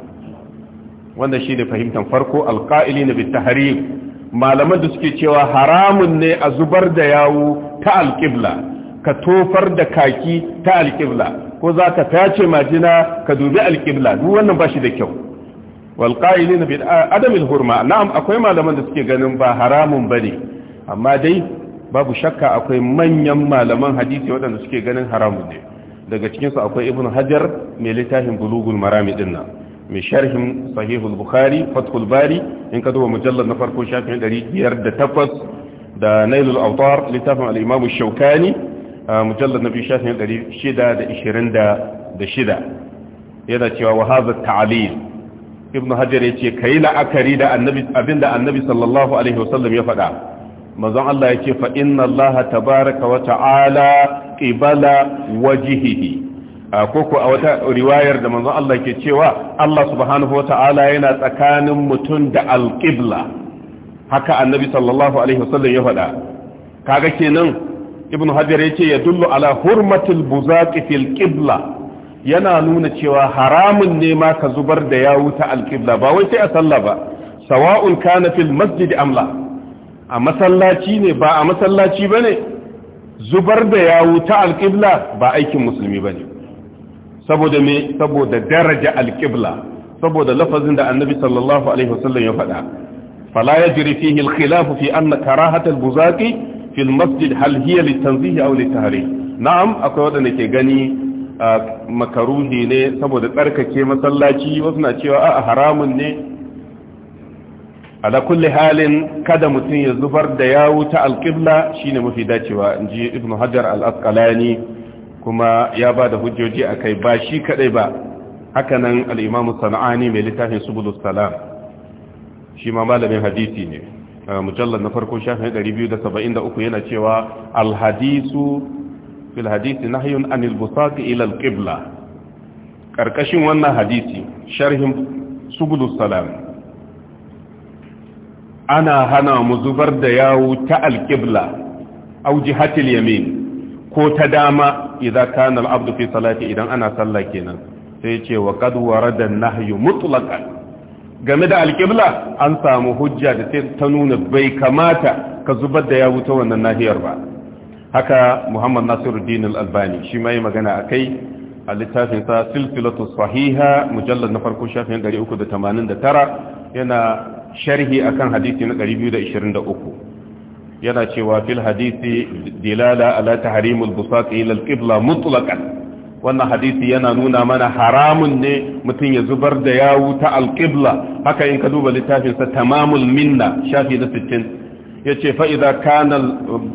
wanda shi ne fahimtar farko alƙa'ili na bittahari malaman da suke cewa haramun ne a zubar da yawu ta alƙibla ka tofar da kaki ta alƙibla ko za ka ce majina ka dubi alƙibla duk wannan ba shi da kyau walƙa'ili na bitahari adamin hurma na'am akwai malaman da suke ganin ba haramun ba ne amma dai babu shakka akwai manyan malaman hadisi waɗanda suke ganin haramun ne daga cikinsu akwai ibn hajar mai littafin bulugun marami din nan mai sharhin sahihul bukhari fathul bari in ka duba mujallar na farko shafin 508 da nailul autar littafin al shaukani mujallar na biyu shafin 626 yana cewa wa hadha ta'lil ibn hajar ya ka kai la'akari da abinda annabi sallallahu alaihi wasallam ya faɗa manzon Allah yake fa inna Allah tabaraka wa ta'ala qibala wajhihi koko a wata riwayar da manzon Allah ke cewa Allah subhanahu wa ta'ala yana tsakanin mutum da alƙibla haka annabi sallallahu alaihi wasallam ya faɗa kaga kenan ibnu hajar ce ya dullu ala hurmatul buzaqi fil qibla yana nuna cewa haramun ne ma ka zubar da yawu ta alqibla ba wai sai a sallah ba sawa'un kana fil masjid amla a masallaci ne ba a masallaci ba ne zubar da yawu ta alƙibla ba aikin musulmi ba ne saboda me saboda daraja alƙibla saboda lafazin da annabi sallallahu alaihi wasallam ya faɗa fala jiri fihi al fi anna karahata al-buzaqi masjid hal hiya litanzih aw litahrir na'am akwai wadanda ke gani ah, makaruhi ne saboda tsarkake masallaci wasu na cewa a haramun ne ala kulli halin kada mutum ya zubar da yawu ta alƙibla shine mafi dacewa in ji ibnu hajar al askalani kuma ya ba da hujjoji a kai ba shi kadai ba hakanan al sana'ani mai littafin subulus salam shi ma malamin hadisi ne mujallar na farko shafin 273 yana cewa alhadisu hadisu fil hadisi nahyun anil busati ila al karkashin wannan hadisi sharhin subulus salam ana hana mu zubar da yawu ta alƙibla auji hatil yamin ko ta dama idan kana al'abdu fi salati idan ana sallah kenan sai ce wa qad warada an-nahyu mutlaqan game da alƙibla an samu hujja da ta nuna bai kamata ka zubar da yawu ta wannan nahiyar ba haka Muhammad Nasiruddin al-Albani shi mai magana akai a littafin sa silsilatu sahiha mujallad na farko shafin 389 yana sharhi akan hadisi na 223 yana cewa fil hadisi dilala ala tahrimul busati ila al-qibla mutlaqan wannan hadisi yana nuna mana haramun ne mutum ya zubar da yawu ta al-qibla haka in ka duba littafin sa tamamul minna shafi na 60 yace fa idza kana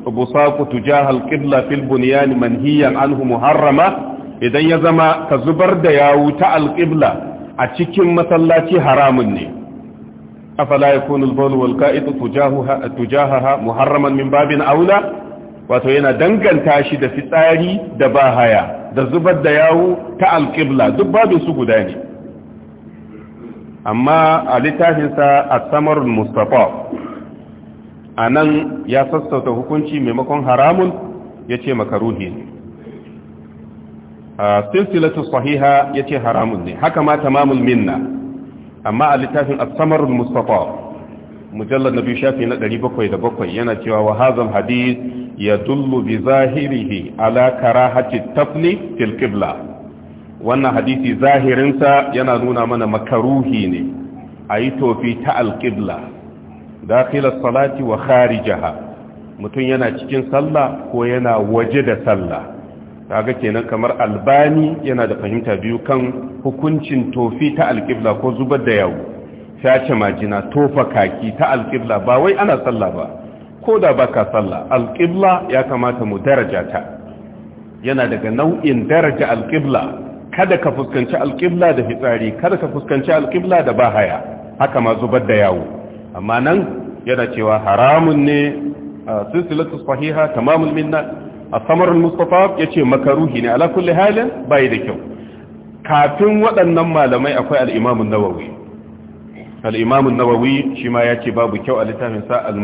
al-busaqu tujaha al-qibla fil bunyan manhiyan anhu muharrama idan ya zama ka zubar da yawu ta al-qibla a cikin masallaci haramun ne afala yakunu al-bawl wal qa'id tujahaha tujahaha muharraman min babin aula wato yana danganta shi da fitsari da bahaya da zubar da yawo ta alqibla duk babin su guda ne amma a littafinsa as samar mustafa anan ya sassauta hukunci maimakon haramun yace makaruhi ne silsilatu sahiha yace haramun ne haka ma tamamul minna amma a littafin asamar mustafa mujallar na biyu shafi na 707 yana cewa wa hazal hadis ya dullu bi zahirihi ala karahati tafni tilkibla wannan hadisi zahirinsa yana nuna mana makaruhi ne a yi tofi ta alƙibla dakilar salati wa kharijaha mutum yana cikin sallah ko yana waje da sallah kaga kenan kamar albani yana da fahimta biyu kan hukuncin tofi ta alƙibla ko zubar da yawo shace majina tofa kaki ta alƙibla ba wai ana sallah ba ko da baka sallah alƙibla ya kamata mu daraja ta yana daga nau'in daraja alƙibla kada ka fuskanci alƙibla da fitsari kada ka fuskanci alƙibla da bahaya haka ma zubar da yawo amma nan yana cewa haramun ne sisilatus fahiha tamamul minna a samarul mustapha ya ce makaruhi ne ala kulli halin bai da kyau kafin waɗannan malamai akwai al'imamun nawawi al'imamun nawawi shi ma ya ce babu kyau a littafin sa al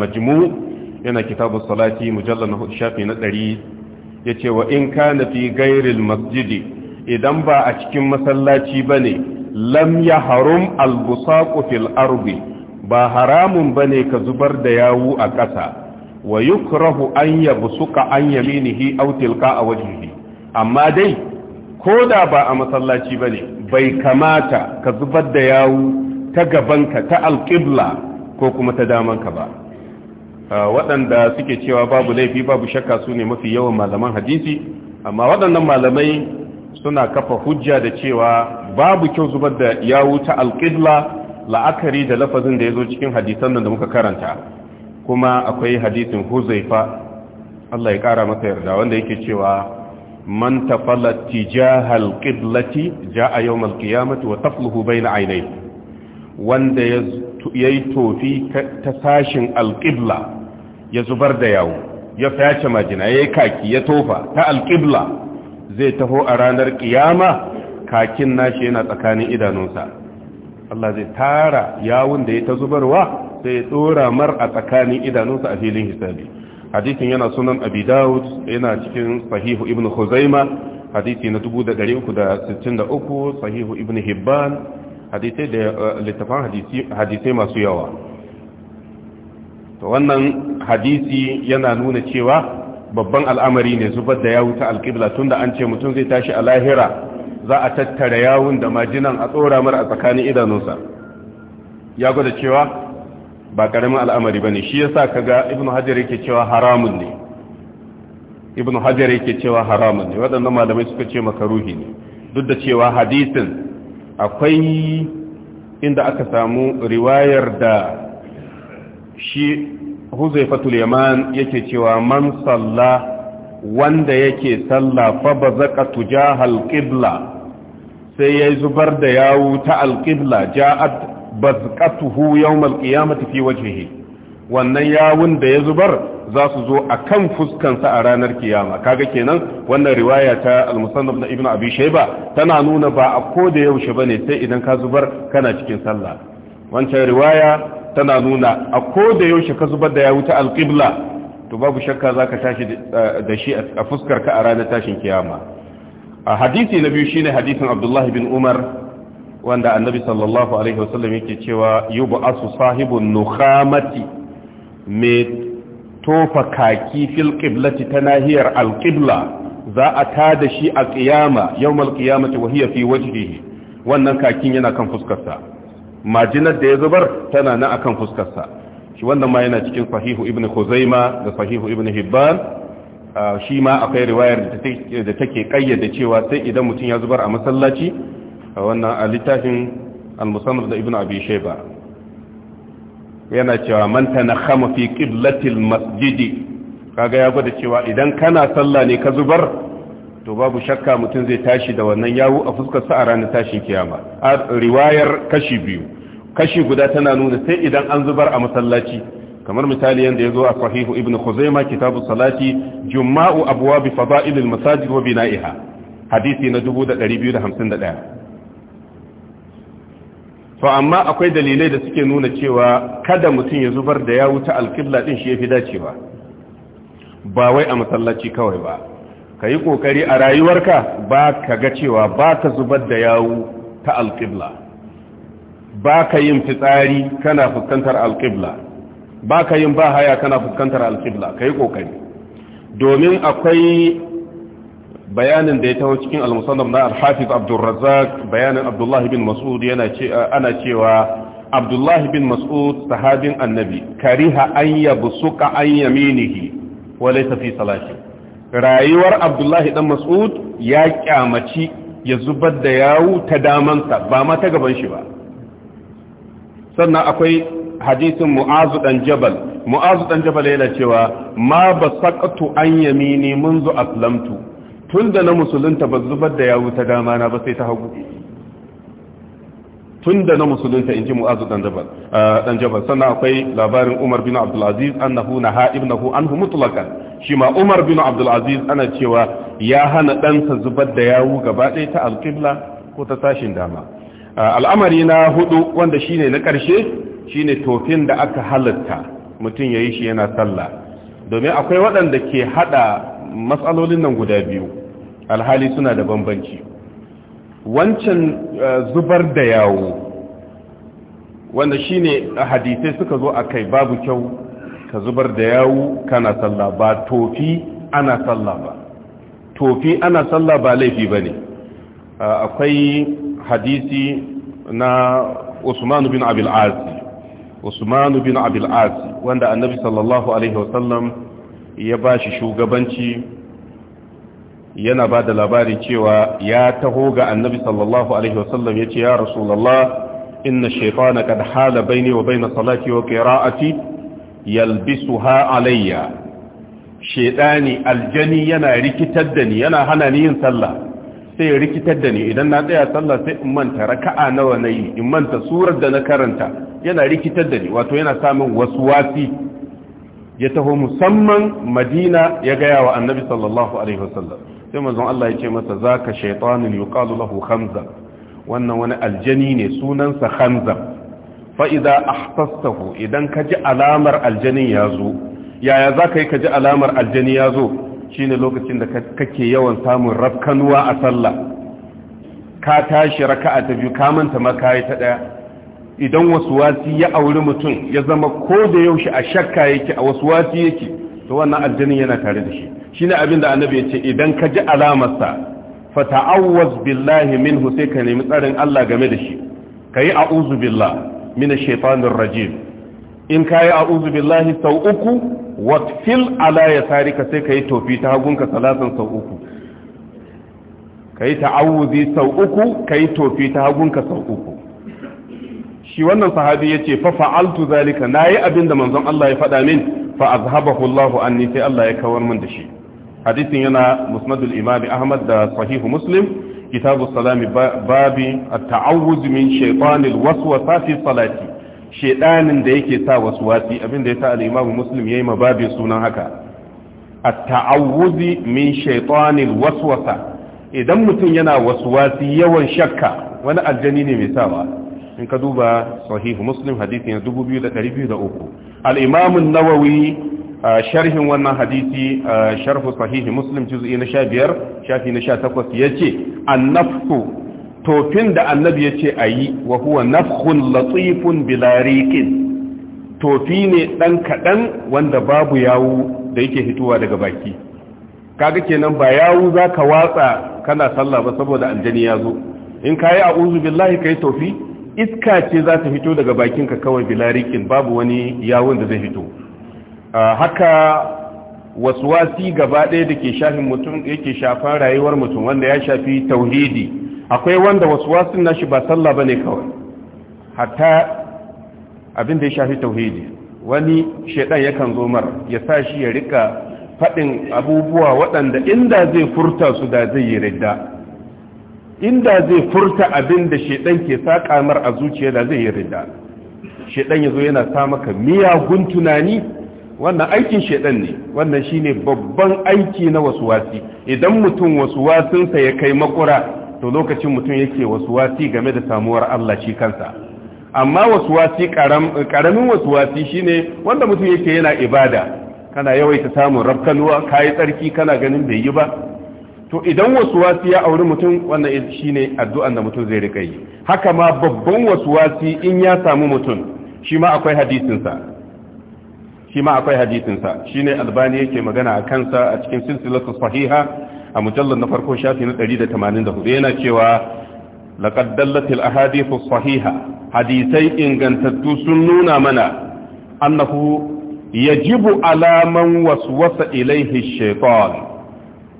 yana kitabun salati mujallar na shafi na ɗari ya ce wa in ka fi gairil masjidi idan ba a cikin masallaci ba ne lam ya harum albusaku fil arbi ba haramun ba ne ka zubar da yawu a ƙasa wa yukrahu an yabsuka an yaminihi aw tilqa a wajhihi amma dai ko da ba a masallaci bane bai kamata ka zubar da yawu ta gabanka ta alqibla ko kuma ta damanka ba ah, waɗanda suke cewa babu laifi babu shakka su ne mafi yawan malaman hadisi amma waɗannan malamai suna kafa hujja da cewa babu kyau zubar da yawu ta alqibla la'akari da lafazin da ya zo cikin hadisan nan da muka karanta kuma akwai hadisin huzaifa Allah ya kara masa yarda wanda yake cewa man tafalla tijahal qiblati jaa yawmal qiyamati wa tafluhu bayna aynay wanda yayi tofi ta sashin alqibla ya zubar da yawo ya fayace majina yayi kaki ya tofa ta alqibla zai taho a ranar kiyama kakin nashi yana tsakanin idanunsa Allah zai tara yawun da ya ta zubarwa sai ya dora mar a tsakanin idanunsa a filin hisabi hadisin yana sunan abi daud yana cikin sahihu ibn khuzaima hadisi na 363 sahihu ibn hibban hadisai da eh, littafan hadisi masu yawa to wannan hadisi yana nuna cewa babban al'amari ne zubar da yawu ta alƙibla tunda an ce mutum zai tashi a lahira za a tattara yawun da majinan a tsora a tsakanin idanunsa ya gwada cewa ba karamin al'amari ne shi yasa kaga Ibn hajar yake cewa haramun ne Ibn hajar yake cewa haramun ne waɗanda malamai suka ce makaruhi ne duk da cewa hadisin akwai inda aka samu riwayar da shi huzaifatul yaman yake cewa man salla wanda yake salla fa bazaka tujahal qibla sai yayi zubar da yawu ta alƙibla ja'at bazqatuhu yawmal qiyamati fi wajhihi wannan yawun da ya zubar za su zo a kan fuskansa a ranar kiyama kaga kenan wannan riwaya ta al-musannaf na ibnu abi shayba tana nuna ba a ko da yaushe bane sai idan ka zubar kana cikin sallah wancan riwaya tana nuna a ko da yaushe ka zubar da yawu ta al-qibla to babu shakka zaka tashi da shi a fuskarka a ranar tashin kiyama a hadisi na biyu shine hadisin Abdullahi bin umar wanda annabi sallallahu alaihi wasallam yake cewa yub'asu sahibu nukhamati me tofa kaki fil ta nahiyar alƙibla za a tada shi a ƙiyama yau qiyamati wa hiya fi wajhihi wannan kakin yana kan fuskarsa majinar da ya zubar tana na akan fuskarsa shi wannan ma yana cikin fahihu ibn khuzaima da fahihu ibn hibban ah, shi ma akwai riwayar da take kayyade cewa sai idan mutum ya zubar a masallaci wannan a littafin al-musannaf da ibn abi shayba yana cewa na kama fi qiblatil masjidi kaga ya gwada cewa idan kana sallah ne ka zubar to babu shakka mutum zai tashi da wannan yawo a fuskar sa a ranar tashin kiyama a riwayar kashi biyu kashi guda tana nuna sai idan an zubar a masallaci kamar misali yanda zo a sahihu ibn khuzaimah kitabu salati juma'u abwab fada'il al-masajid wa bina'iha hadisi na 2251 to amma akwai dalilai da suke nuna cewa kada mutum ya zubar da ya wuta alƙibla ɗin shi ya fi dacewa ba wai a masallaci kawai ba ka yi ƙoƙari a rayuwarka ba ka ga cewa ba ka zubar da yawu ta alƙibla ba ka yin fitsari kana fuskantar alƙibla ba ka yin bahaya kana fuskantar alƙibla ka yi ƙoƙari domin akwai bayanin da ya taho cikin al-musannaf na al-hafiz Abdul bayanin Abdullah bin Mas'ud yana ce ana cewa Abdullah bin Mas'ud sahabin annabi kariha an yabsuqa an yaminihi wa laysa fi salati rayuwar Abdullah dan Mas'ud ya kyamaci ya zubar da yawu ta damansa ba ma ta gaban shi ba sannan akwai hadisin mu'azu dan jabal mu'azu dan jabal yana cewa ma basaqtu an yamini منذ aslamtu tun da na musulunta ba zubar da yawu ta dama na ba sai ta hagu tun da na musulunta in ji mu'azu dan jabal sannan akwai labarin umar bin abdulaziz na naha an anhu mutulaka shi ma umar bin abdulaziz ana cewa ya hana ɗansa zubar da yawu gaba ɗaya ta alƙibla ko ta tashin dama al'amari na hudu wanda shine na ƙarshe shine tofin da aka halatta mutum ya yi shi yana sallah domin akwai waɗanda ke haɗa matsalolin nan guda biyu alhali suna da bambanci wancan eh, zubar da yawo wanda shine hadisai suka zo a kai babu kyau ka zubar da yawo kana sallah ba tofi ana sallah ba tofi ana sallah ba laifi ba ne eh, akwai hadisi na usman bin abil'asi usman bin abil'asi wanda annabi sallallahu alaihi wasallam ya ba shi shugabanci yana ba da labari cewa ya taho ga annabi sallallahu alaihi wasallam ya ce ya rasulallah inna shaitana kad hala baini wa baina salati wa qira'ati yalbisuha alayya shaitani aljani yana rikitar da ni yana hana ni yin sallah sai rikitar da ni idan na tsaya sallah sai in manta raka'a nawa nayi in manta surar da na karanta yana rikitar da ni wato yana samun waswasi ya taho musamman madina ya gaya wa annabi sallallahu alaihi wasallam sai manzon Allah ya ce masa zaka shaytanun yuqalu lahu hamza wannan wani aljani ne sunansa hamza fa'iza a ahsastahu idan ka ji alamar aljanin ya zo yaya zaka yi ka ji alamar aljani ya zo shine lokacin da kake yawan samun rafkanuwa a sallah ka tashi raka'a ta biyu ka manta makayi ta ɗaya idan wasuwasi ya auri mutum ya zama ko da yaushe a shakka yake a wasuwasi yake to wannan aljanin yana tare da shi shine abin da annabi ya ce idan ka ji alamarsa fata'awwaz billahi minhu sai ka nemi tsarin Allah game da shi kayi a'udhu billah minash shaitanir rajim in kayi a'udhu billahi sau uku watfil ala yasarika sai kayi tofi ta hagunka salatan sau uku yi ta'awuzi sau uku yi tofi ta hagunka sau uku shi wannan sahabi ce fa fa'altu zalika abin abinda manzon Allah ya faɗa min fa azhabahu Allah anni sai Allah ya kawar min da shi hadisin yana musnadul imami ahmad da sahihu muslim kitabu salami babi a ta'awuzi min shaytanil waswasa fi salati shedanin da yake sa waswasi abinda yasa al ya muslim ma mababi sunan haka A ta'awuzi min shaytanil waswasa idan mutum yana waswasi yawan shakka wani aljani ne mai sawa in ka duba sahihu muslim hadisin 2203 al nawawi sharhin wannan hadisi sharhu sahihi muslim juz'i na 15 shafi na 18 yace annafku tofin da annabi yace ayi wa huwa nafkhun latifun bila riqin tofi ne dan kadan wanda babu yawu da yake hituwa daga baki kaga kenan ba yawu zaka watsa kana sallah ba saboda aljani ya zo in kayi a'udhu billahi yi tofi iska ce za ta fito daga bakinka kawai bilarikin babu wani yawun da zai fito haka wasi gaba ɗaya da ke shafin mutum yake shafan rayuwar mutum wanda ya shafi tauhidi akwai wanda wasu wasin nashi ba sallah bane kawai hatta abin da ya shafi tauhidi wani shaidan yakan zo mar ya sa shi ya rika faɗin abubuwa waɗanda inda zai furta su da zai yi ridda inda zai furta abin da shaidan ke saƙa mar a zuciya da zai yi ridda shaidan ya zo yana sa maka miyagun tunani wannan aikin shaidan ne wannan shine babban aiki na wasuwasi idan mutum wasuwasinsa ya kai makura to lokacin mutum yake wasuwasi game da samuwar Allah shi kansa amma wasuwasi karamin wasuwasi shine wanda mutum yake yana ibada kana yawaita samun rafkanuwa kayi tsarki kana ganin bai yi ba to idan wasuwasi ya auri mutum wannan shine addu'an da mutum zai rika yi haka ma babban wasuwasi in ya samu mutum shi ma akwai hadisin sa shi ma akwai hadisinsa shi ne albani yake magana a kansa a cikin silsilatu sahiha a mujallar na farko shafi na 184 yana cewa laqad dallat al ahadith sahiha hadisai ingantattu sun nuna mana annahu yajibu alaman waswasa ilaihi shaytan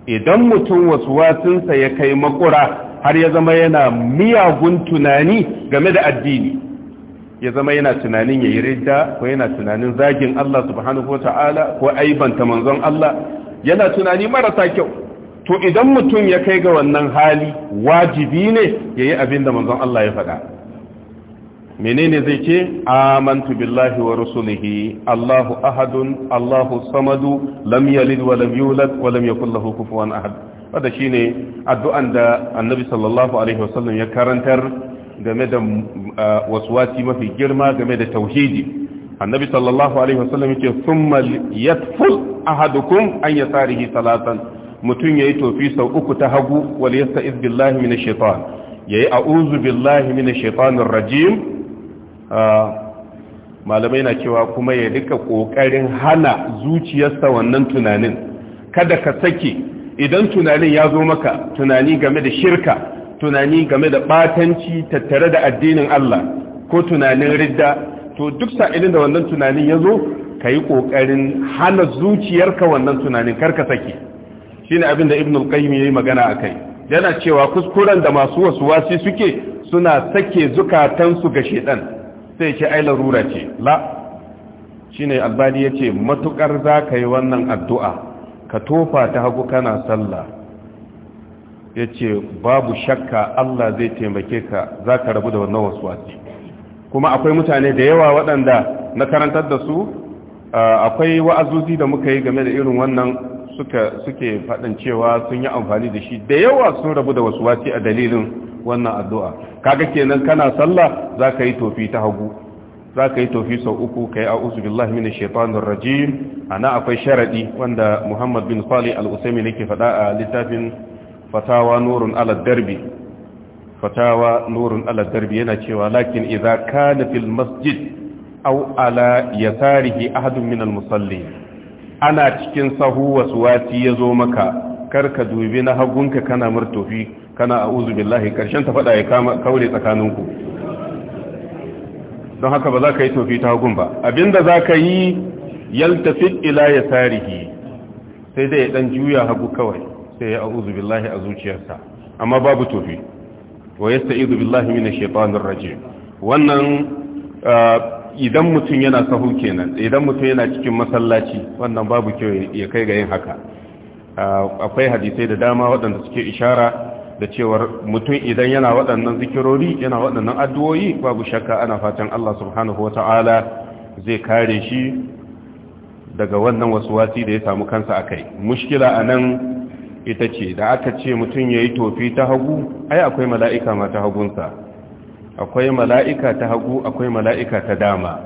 idan mutum waswasinsa ya kai makura har ya zama yana miyagun tunani game da addini ya zama yana tunanin yayi ridda ko yana tunanin zagin Allah subhanahu ta'ala, ko aibanta manzon Allah yana tunani marasa kyau to idan mutum ya kai ga wannan hali wajibi ne yi abin da manzon Allah ya faɗa menene zai ce amantu billahi wa rusulihi Allahu ahadun Allahu samadu lam yalid wa lam yulad wa lam yakul lahu kufuwan ahad wanda shine addu'an da annabi sallallahu alaihi wasallam ya karantar game da uh, waswasi mafi girma game da tauhidi annabi sallallahu alaihi wasallam yace thumma yatful ahadukum an yasarihi salatan mutun yayi tofi sau uku ta hagu wal yasta'iz billahi minash shaitan yayi a'udhu billahi minash shaitanir rajim uh, malamai na cewa kuma ya rika kokarin hana zuciyarsa wannan tunanin kada ka sake idan tunanin ya zo maka tunani game da shirka tunani game da batanci tattare da addinin Allah ko tunanin ridda to duk sa'ilin da wannan tunanin ya zo ka yi ƙoƙarin hana zuciyarka wannan tunanin karka sake shi ne abinda ibn al-qayyim ya yi magana a kai yana cewa kuskuren da masu wasu wasi suke suna sake zukatansu ga shedan sai ce ai larura ce la shi ne albani ya ce matuƙar za ka yi wannan addu'a ka tofa ta hagu kana sallah ya ce babu shakka Allah zai taimake ka za ka rabu da wannan waswasi kuma akwai mutane da yawa waɗanda na karantar da su akwai wa'azuzi da muka yi game da irin wannan suke faɗin cewa sun yi amfani da shi da yawa sun rabu da waci a dalilin wannan addu'a kaga kenan kana sallah za ka yi tofi ta hagu za ka yi tofi sau uku ka yi usu billahi mini shaitanun rajim ana akwai sharaɗi wanda muhammad bin salih al'usaimi ne ke faɗa a littafin fatawa nurun ala darbi fatawa nurun ala darbi yana cewa lakin idza kana fil masjid aw ala yasarihi ahadun min al musalli, ana cikin sahu waswati yazo maka karka dubi na hagunka kana murtofi kana a'udhu billahi karshen ta fada ya kaure tsakaninku don haka ba za ka yi tofi ta hagun ba abinda za ka yi yaltafi ila yasarihi sai dai dan juya hagu kawai sai ya a'udhu billahi a zuciyarsa amma babu tofi wa yasta'izu billahi minash shaitanir rajim wannan idan mutum yana sahu kenan idan mutum yana cikin masallaci wannan babu kyau ya kai ga yin haka akwai hadisai da dama waɗanda suke ishara da cewar mutum idan yana waɗannan zikirori yana waɗannan addu'o'i babu shakka ana fatan Allah subhanahu wa zai kare shi daga wannan wasuwaci da ya samu kansa akai mushkila a nan ita ce da aka ce mutum ya yi tofi ta hagu ai akwai mala'ika ma ta hagunsa akwai mala'ika ta hagu akwai mala'ika ta dama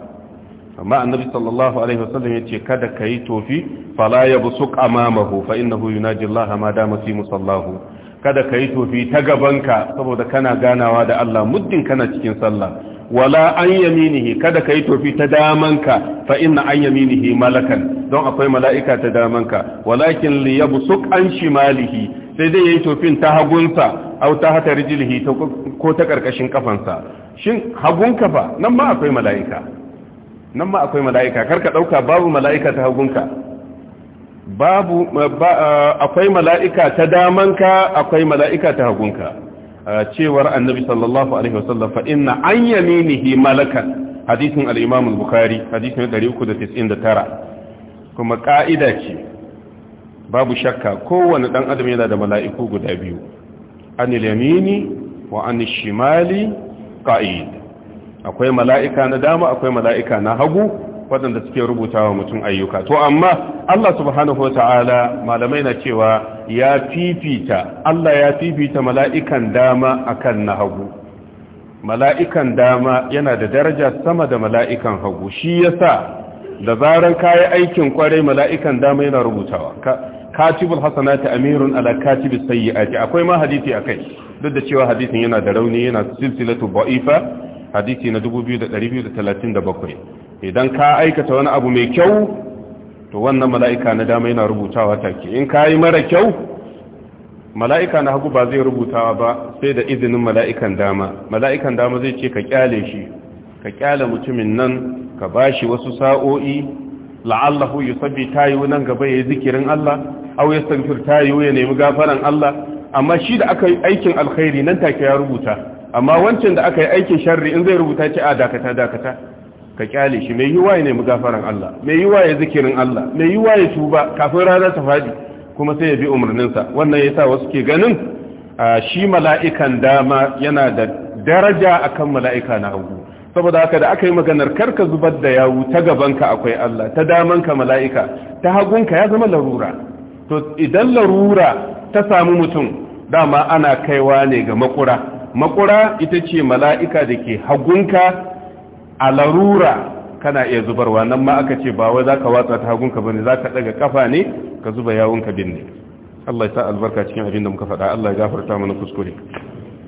amma annabi sallallahu alaihi wasallam ya ce kada ka yi tofi fala ya busu ƙamamahu fa inna hu yunaji Allah ma dama yi musallahu kada ka yi tofi ta gabanka saboda kana ganawa da Allah muddin kana cikin sallah wala an yaminihi kada ka yi tofi ta damanka fa inna an yaminihi malakan don akwai mala'ika ta damanka walakin li yabsuq an shimalihi sai dai yi tofin ta hagunsa au ta hata rijlihi ko ta ƙarƙashin kafansa shin hagun kafa nan ma akwai mala'ika nan ma akwai mala'ika karka ɗauka babu mala'ika ta hagunka babu akwai mala'ika ta damanka akwai mala'ika ta hagunka cewar annabi sallallahu alaihi wasallam fa inna an yaminihi malakan hadisin al-imam al-bukhari hadisin 399 kuma ƙa'ida ce babu shakka kowane ɗan adam yana da mala'iku guda biyu an yamini wa an shimali ƙa'id akwai mala'ika na dama akwai mala'ika na hagu waɗanda suke rubuta wa mutum ayyuka to amma Allah subhanahu wa ta'ala malamai na cewa ya fifita Allah ya fifita mala'ikan dama a kan na hagu mala'ikan dama yana da daraja sama da mala'ikan hagu shi ya sa. da zarar kayi aikin kwarai mala'ikan dama yana rubutawa katibul hasanati amirun ala katibis sayyi'ati akwai ma hadisi akai duk da cewa hadisin yana da rauni yana silsilatu ba'ifa hadisi na 2237 idan ka aikata wani abu mai kyau to wannan mala'ika na dama yana rubutawa take in kayi mara kyau mala'ika na hagu ba zai rubutawa ba sai da izinin mala'ikan dama mala'ikan dama zai ce ka kyale shi ka kyala mutumin nan ka bashi wasu sa'o'i la'allahu ta yi nan gaba ya yi zikirin Allah sanfir ta yi ya nemi gafaran Allah amma shi da aka yi aikin alkhairi nan take ya rubuta amma wancan da aka yi aikin sharri in zai rubuta ce a dakata dakata ka kyale shi mai yiwa ya nemi gafaran Allah mai yiwa ya zikirin Allah mai yiwa ya tuba kafin rana ta fadi kuma sai ya bi umarninsa wannan yasa wasu ke ganin shi mala'ikan dama yana da daraja a kan mala'ika na hagu saboda haka da aka yi maganar karka zubar da yawu ta gabanka akwai Allah ta damanka mala'ika ta hagunka ya zama larura to idan larura ta samu mutum dama ana kaiwa ne ga makura makura ita ce mala'ika da ke hagunka a larura kana iya zubarwa nan ma aka ce ba wai za ka watsa ta hagunka ba ne za ka ɗaga kafa ne ka zuba yawunka binne Allah ya sa albarka cikin abin da muka faɗa Allah ya gafarta mana kuskure